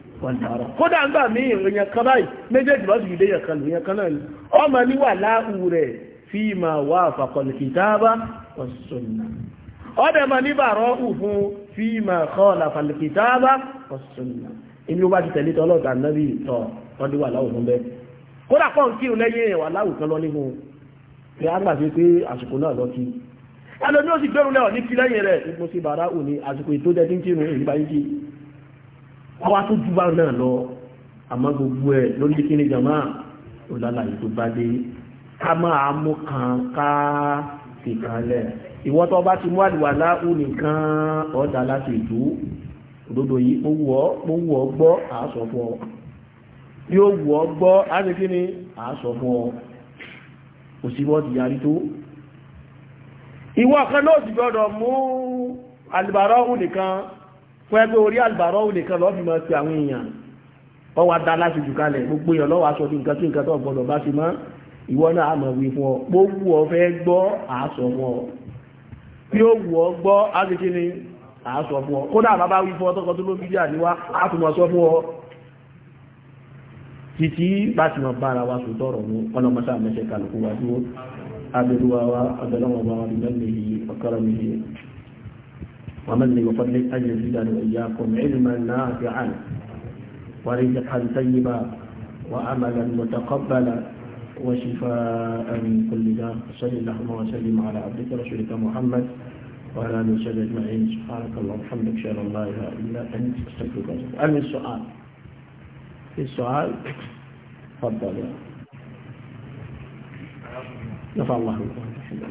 wọn tààrà kódà ń gbà mí èèyàn kan báyìí méjèèjì bá sì dé èèyàn kan lòyàn kan náà ni ọmọ ní wà láàrú rẹ̀ fi máa wà àfàkọ̀lù kìtàbà ọ̀sùnà ọdẹ ma ní bàárọ̀ òfin fi máa kọ́ àfàkọ̀lù kìtàbà ọ̀sùnà inú bá ti tẹ̀lé tọ́lọ́ta nábì tọ́ wọ́n ní wà láwùfún bẹ́ẹ̀ kódà pọ̀ ń kírun lẹ́yìn wà láwùfún lọ níhun pé a gbà wọ́n wá tó jù bá náà lọ àmọ́ gbogbo ẹ̀ ló ní kí ni jàmá olálàyé tó bá dé ká máa mú kan ká fi kan lẹ̀ ìwọ́n tó bá ti mú àdìwà láhù nìkan ọ̀dà láti ìlú òdodo yìí ó wù ọ́ ó wù ọ́ gbọ́ àásọ fún ọ yóò wù ọ́ gbọ́ àti kí ni àásọ fún ọ kò sí wọ́n ti yarí tó ìwọ́n kan náà sì gbọ́dọ̀ mú àlìbàrọ̀ nìkan fún orí àlùbárọ́ òlè kan lọ́ọ́ fi máa pe àwọn èèyàn ọwà adá láti jù kalẹ̀ gbogbo èèyàn lọ́wọ́ aṣọ bí nǹkan tí nǹkan tó gbọdọ̀ bá ti mọ́ ìwọ náà àmọ̀ wí fún ọ gbogbo ọ fẹ́ gbọ́ àásọ fún ọ bí ó wù ọ gbọ́ ni fún ọ wí fún ọ tọkọ tó ló sọ fún ọ títí bá ti wa sùn tọrọ dúró abẹ́rú wa wa ومن بفضله أن يزيدنا وإياكم علما نافعا ورزقا طيبا وعملا متقبلا وشفاء من كل داء صلى اللهم وسلم على عبدك رسولك محمد وعلى اله وصحبه اجمعين سبحانك اللهم وبحمدك اشهد ان لا اله الا انت استغفرك واتوب السؤال في السؤال تفضل يا نفع الله بكم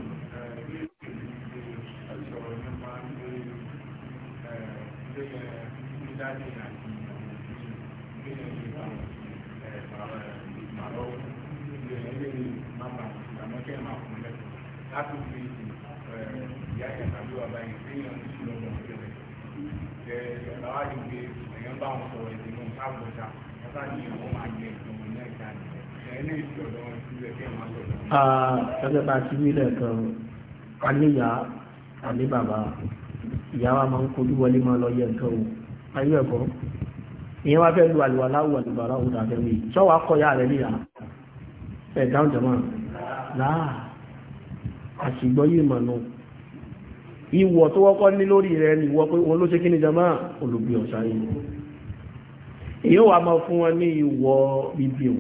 láti fi ìyá ìyàtàbí wà báyìí téèyàn ń sùn lọ́wọ́ ìrẹ̀lẹ̀ jẹ ìyàtàwá yìí pé èèyàn bá wọn sọ̀rọ̀ èdè náà sábọ̀dá yàtà ni wọ́n máa jẹ ìdánwò náà ìta ni ẹ̀ẹ́lẹ́ ìṣọ̀dọ̀ ìṣúlẹ̀ kí ẹ̀ máa sọ̀rọ̀. gẹ́gẹ́ bá a ti wí lẹ́ẹ̀kan aléyà alébàbà ìyá wa máa ń kojú wọlé máa lọ yẹ nǹkan o ayé ẹ̀kọ́ ìyẹn wá fẹ́ lu àlùwàláwù àlùbàrà òun dàbẹ̀ wí sọ́wọ́ akọ́yà rẹ̀ níyà ẹ̀ dáhùn jọ̀mọ́ láà àṣìgbọ́ yìí mọ̀ nù ìwọ̀ tó wọ́kọ́ ní lórí rẹ̀ ni ìwọ̀ pé wọn ló ṣe kí ni jọmọ́ olùgbé ọ̀sá yìí èyí wà máa fún wọn ní ìwọ̀ bíbí o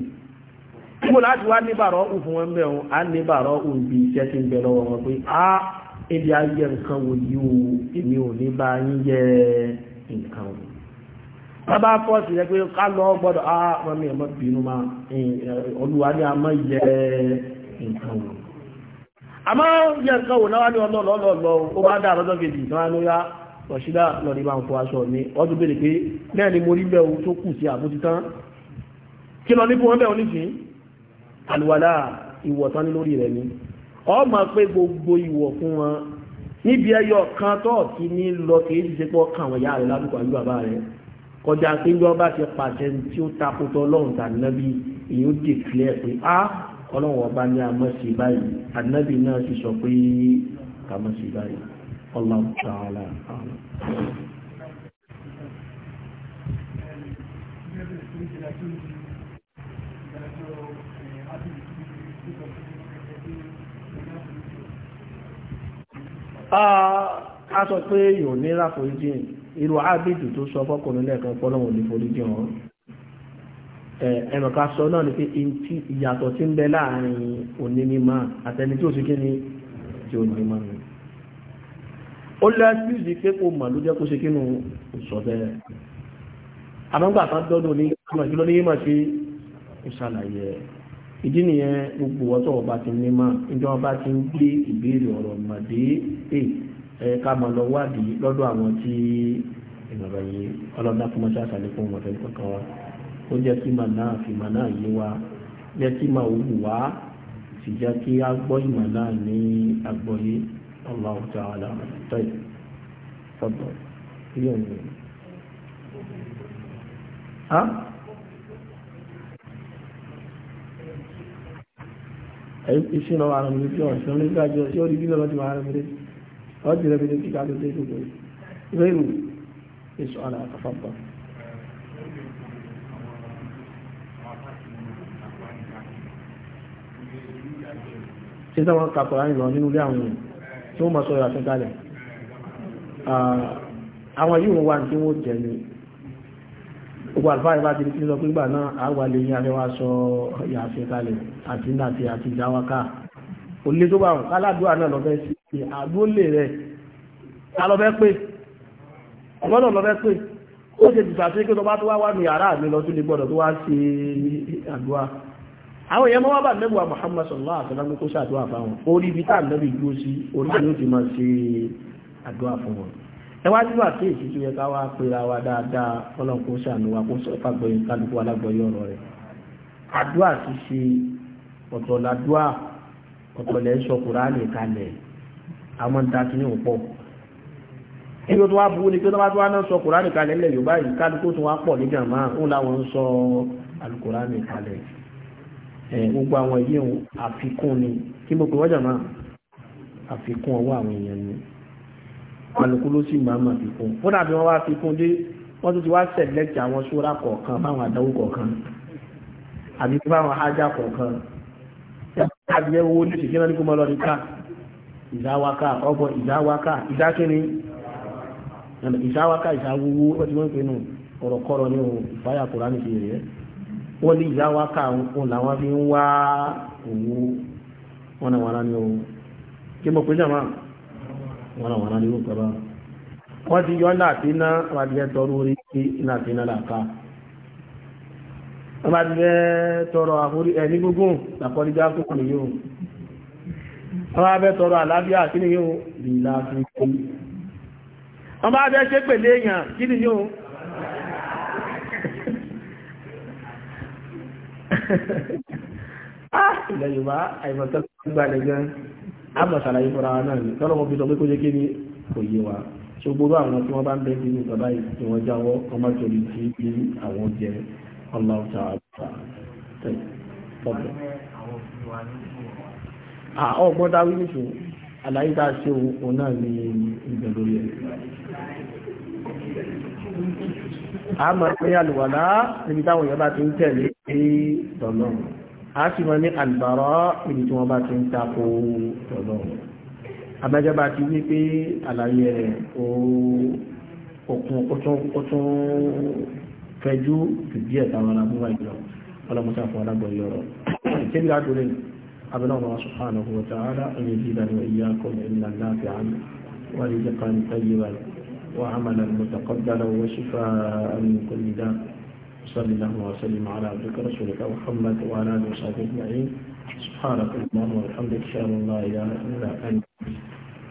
níbo láti wá níbàárọ̀ òun fún wọn bẹ́ẹ̀ o á níbàárọ̀ òun bí iṣẹ́ ti ń bẹ lọ́wọ́ wọn pé á ebi ayé nǹkan wò yìí o èmi ò ní bá yín yẹ ẹ́ nǹkan o wọ́n bá fọ́ sí rẹ pé ká lọ gbọ́dọ̀ á ah, wọ́n mi ẹ̀mọ́ bínú ma olúwa ní a mọ́ yẹ nǹkan o àmọ́ yẹ nǹkan o náwá ní ọlọ́lọ́lọ́ ó bá dà lọ́jọ́ kejì náà ló yá ah, ọ̀ṣídà lọ ní bá ń fọ aṣọ mi ọdún bèrè pé bẹ́ẹ̀ ni mo rí bẹ́ẹ̀ o tó kù sí àbójútán kí lọ ní fún wọn bẹ́ẹ̀ oníṣìí àlùwàlà ìwọ̀tán ní lórí rẹ̀ ni ọmọ pé gbogbo ìwọ̀ fún wọn níbi ẹyọ kan tọ́ọ̀tì ní lọ kìí ti ṣe pọ́ kàn wọ́n yá rẹ̀ lálùkọ́ àbí bàbá rẹ̀ kọjá pé bí wọ́n bá ti pàṣẹ tí ó takótọ́ ọlọ́run tàbí nábì èyí ó dèkìlẹ̀ pé á ọlọ́run ọba ní a mọ̀ sí báyìí ànábì náà sì sọ pé ká mọ̀ sí báyìí Allahu ta'ala. Thank you. Ah, a sọ pé yóò nira foríjì irú ábìdì tó sọ fọ́kùnrin lẹ́ẹ̀kan pọ́lọ́wọ̀n ní foríjì wọn ẹnìkan sọ náà ni pé ìyàtọ̀ tí ń bẹ láàrin onímọ̀ àtẹni tí ó sì kí tí ó ní mọ́ ó lẹ́sìlì pé kò mọ̀ ló jẹ́ kó ṣe kí nù bẹ́ẹ̀ àmọ́gbà kan dọ́dún ní ìmọ̀ ẹ̀ ìdí nìyẹn gbogbo ọtọ ọba ti ní ma ìjọ ọba ti ń gbé ìbéèrè ọ̀rọ̀ mọdé ẹ eh, ẹ ká máa lọ wádìí lọ́dọ̀ àwọn tí ìmọ̀ràn yìí ọlọ́dún akọ́mọṣẹ́ àtàlẹ́kùn wọn kankan wa ó jẹ́ kí màá náà fi màá náà yé wa jẹ́ kí màá wù wá sì jẹ́ kí a gbọ́ ìmọ̀ náà ní agbọ́yé iṣẹ́ lọ́wọ́ ara mi tí ọ̀sán ní gbájọ́ tí ó rí bílọ̀ lọ́dún ara mi ọdún rẹ̀ bílẹ̀ kíkà tó dé gbogbo rẹ̀rù èso ara àkàfàbà tí táwọn kàkọ̀rá ìlọ nínú ilé àwọn èèyàn tí wọ́n mọ̀ sọ ìràtúnkalẹ̀ gbogbo àlùfáà bá ti di kí sọ pé gbà náà àwa lè yín afẹ́ wa sọ ìyàfẹ́ kalẹ̀ àti nàti àti ìdáwáká òlé tó bá wọn aládùúgbò náà lọ́fẹ́ sí àgbólè rẹ̀ ta lọ́fẹ́ pé ọgbọ́n náà lọ́fẹ́ pé ó ṣe ti sàṣe kí tó bá tó wá wà ní yàrá mi lọ sí lè gbọ́dọ̀ tó wá sí àdúrà àwọn èèyàn máa bá nẹ́bùwà Muhammad sallallahu alaihi kó ṣàdúrà fáwọn orí ibi tá à dúró sí orí ni ó ti máa ṣe àdúrà fún wọn ẹwájú wà kí yẹ ká wá pera wa dáadáa ọlọ́kó sànù wa kó sọ ìfàgbọ́yé kálukú alágbọ́yé ọ̀rọ̀ rẹ̀ àdúà ṣíṣe ọ̀tọ̀ làdúà ọ̀tọ̀ lẹ̀ ń sọ Kùránì kalẹ̀ àwọn dákì ní òpó ẹgbẹ́ tó wá burú ni pé tó bá tó wá náà sọ Kùránì kalẹ̀ ńlẹ̀ Yorùbá yìí kálukú tó wá pọ̀ nígbà máa ń láwọn ń sọ alukùránì kalẹ̀ gbogbo àwọn yìí àfikún ni kí mo pè wọ́n jà máa àfikún ọwọ́ àwọn èèyàn ni alùkú ló sì máa mọ̀ fikún fúnra bí wọ́n wá fikún dé wọ́n tún ti wá sẹ̀lẹ́tì àwọn sóra kọ̀ọ̀kan báwọn àdáwò kọ̀ọ̀kan àbí báwọn ajá kọ̀ọ̀kan àbí ẹ wo ní ṣèké náà ní kó mọ́ lọ rí ká ìdáwáká ọgbọ̀n ìdáwáká ìdákíní ìdáwáká ìdáwówó wọ́n ti wọ́n pè nù ọ̀rọ̀kọ́rọ̀ ní ohun ìfáyà kò rámi fi rẹ̀ wọ́n ní ìdáwáká òun làwọn fi ń wá òwò wọn náà wọn rá ní ohun kí mo pè jàmáà wọn àwọn aráàlú yóò tọ́lá wọ́n ti yọ láàfínà wọ́n ti fẹ́ tọrọ orí sí láàfínà làkà wọ́n bá ti fẹ́ tọrọ àforí ẹ̀ ní gbogbo làkọ́lídá kò kò nìyó wọ́n bá fẹ́ tọrọ àlàáfíà kí nìyó lè láàfin kí wọ́n bá fẹ́ ṣépè léèyàn kí nìyó [LAUGHS] ah ilẹ̀ yorùbá àìmọ̀tọ́ gbàlẹ̀ gan-an àmọ̀ ṣàlàyé fúnra wa náà ni tọ́lọ́mọ fi sọ pé kó jẹ́ kéde kò yé wa ṣògbóró àwọn tí wọ́n bá ń bẹ́ nínú bàbá yìí tí wọ́n jáwọ́ ọmọ torí tí ní àwọn jẹ Allahu ta'ala tọ́pọ̀. ọgbọ́n dáwí nìṣó àlàyé tá a ṣe òun náà ní ìgbẹ́ lórí ẹ̀. àmọ̀ pé àlùwàlá níbi táwọn èèyàn bá ti ń tẹ̀lé pé tọ̀lọ́run a sì mọ́ ní àlùbárọ́ ibi tí wọ́n bá ti ń tako tọ̀dọ̀ abẹ́jọba ti wí pé àlàyé rẹ̀ ó tún fẹjú fìdí ẹ̀ táwọn alábúwà ìjọ ọlọ́mọta fún alágbọ̀n yọrọ kébí àdúrà abẹ́nà ọmọ subhanahu ta'ala an yazidana wa iyyakum ilman nafi'an wa rizqan tayyiban wa amalan mutaqabbalan wa shifaan min kulli صلى الله وسلم على عبدك رسولك محمد وعلى اله وصحبه اجمعين سبحانك اللهم وبحمدك اشهد ان لا اله الا انت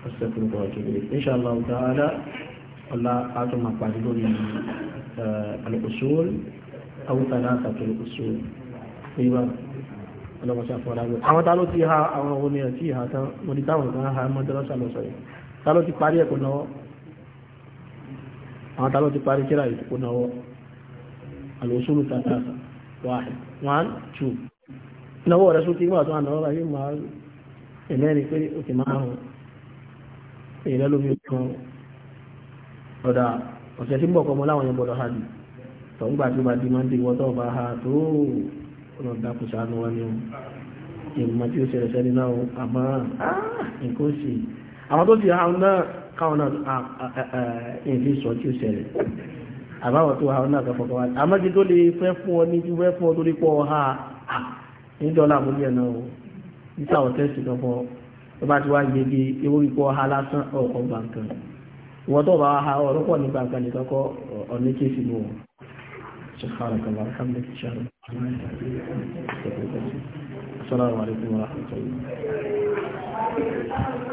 استغفرك واتوب اليك ان شاء الله تعالى الله اعطم يعني، اقوالكم آه، الاصول او ثلاثه الاصول ايوه ọlọ́mọ sí àfọwọ́lá rẹ̀ àwọn tá ló ti ha àwọn ohun ni ẹ̀tí ìhà tán mo ní táwọn kan ha mọ́dọ́lọ́sà lọ الوصول الثلاثة واحد وان تو رسول تيما تو انا والله ما لو يكون ha jù tọ̀hún di àbáwọ̀ tó ha ọ náà kẹfọ́ kọ́wá àmọ́jú tó lè fẹ́ fún ọ ní ti fẹ́ fún ọ torí pọ̀ ha níjọ́ náà mo ní ẹ̀ náà o níta ọ̀ tẹ́sì kan fọ́ tó bá ti wá yege ewu ipò ha lásán ọ̀kọ̀ gbàǹkan ìwọ́n tó bá wa ha ọ̀rọ̀ pọ̀ ní gbàǹkan nìkan kọ́ ọ̀ní kéèsì ni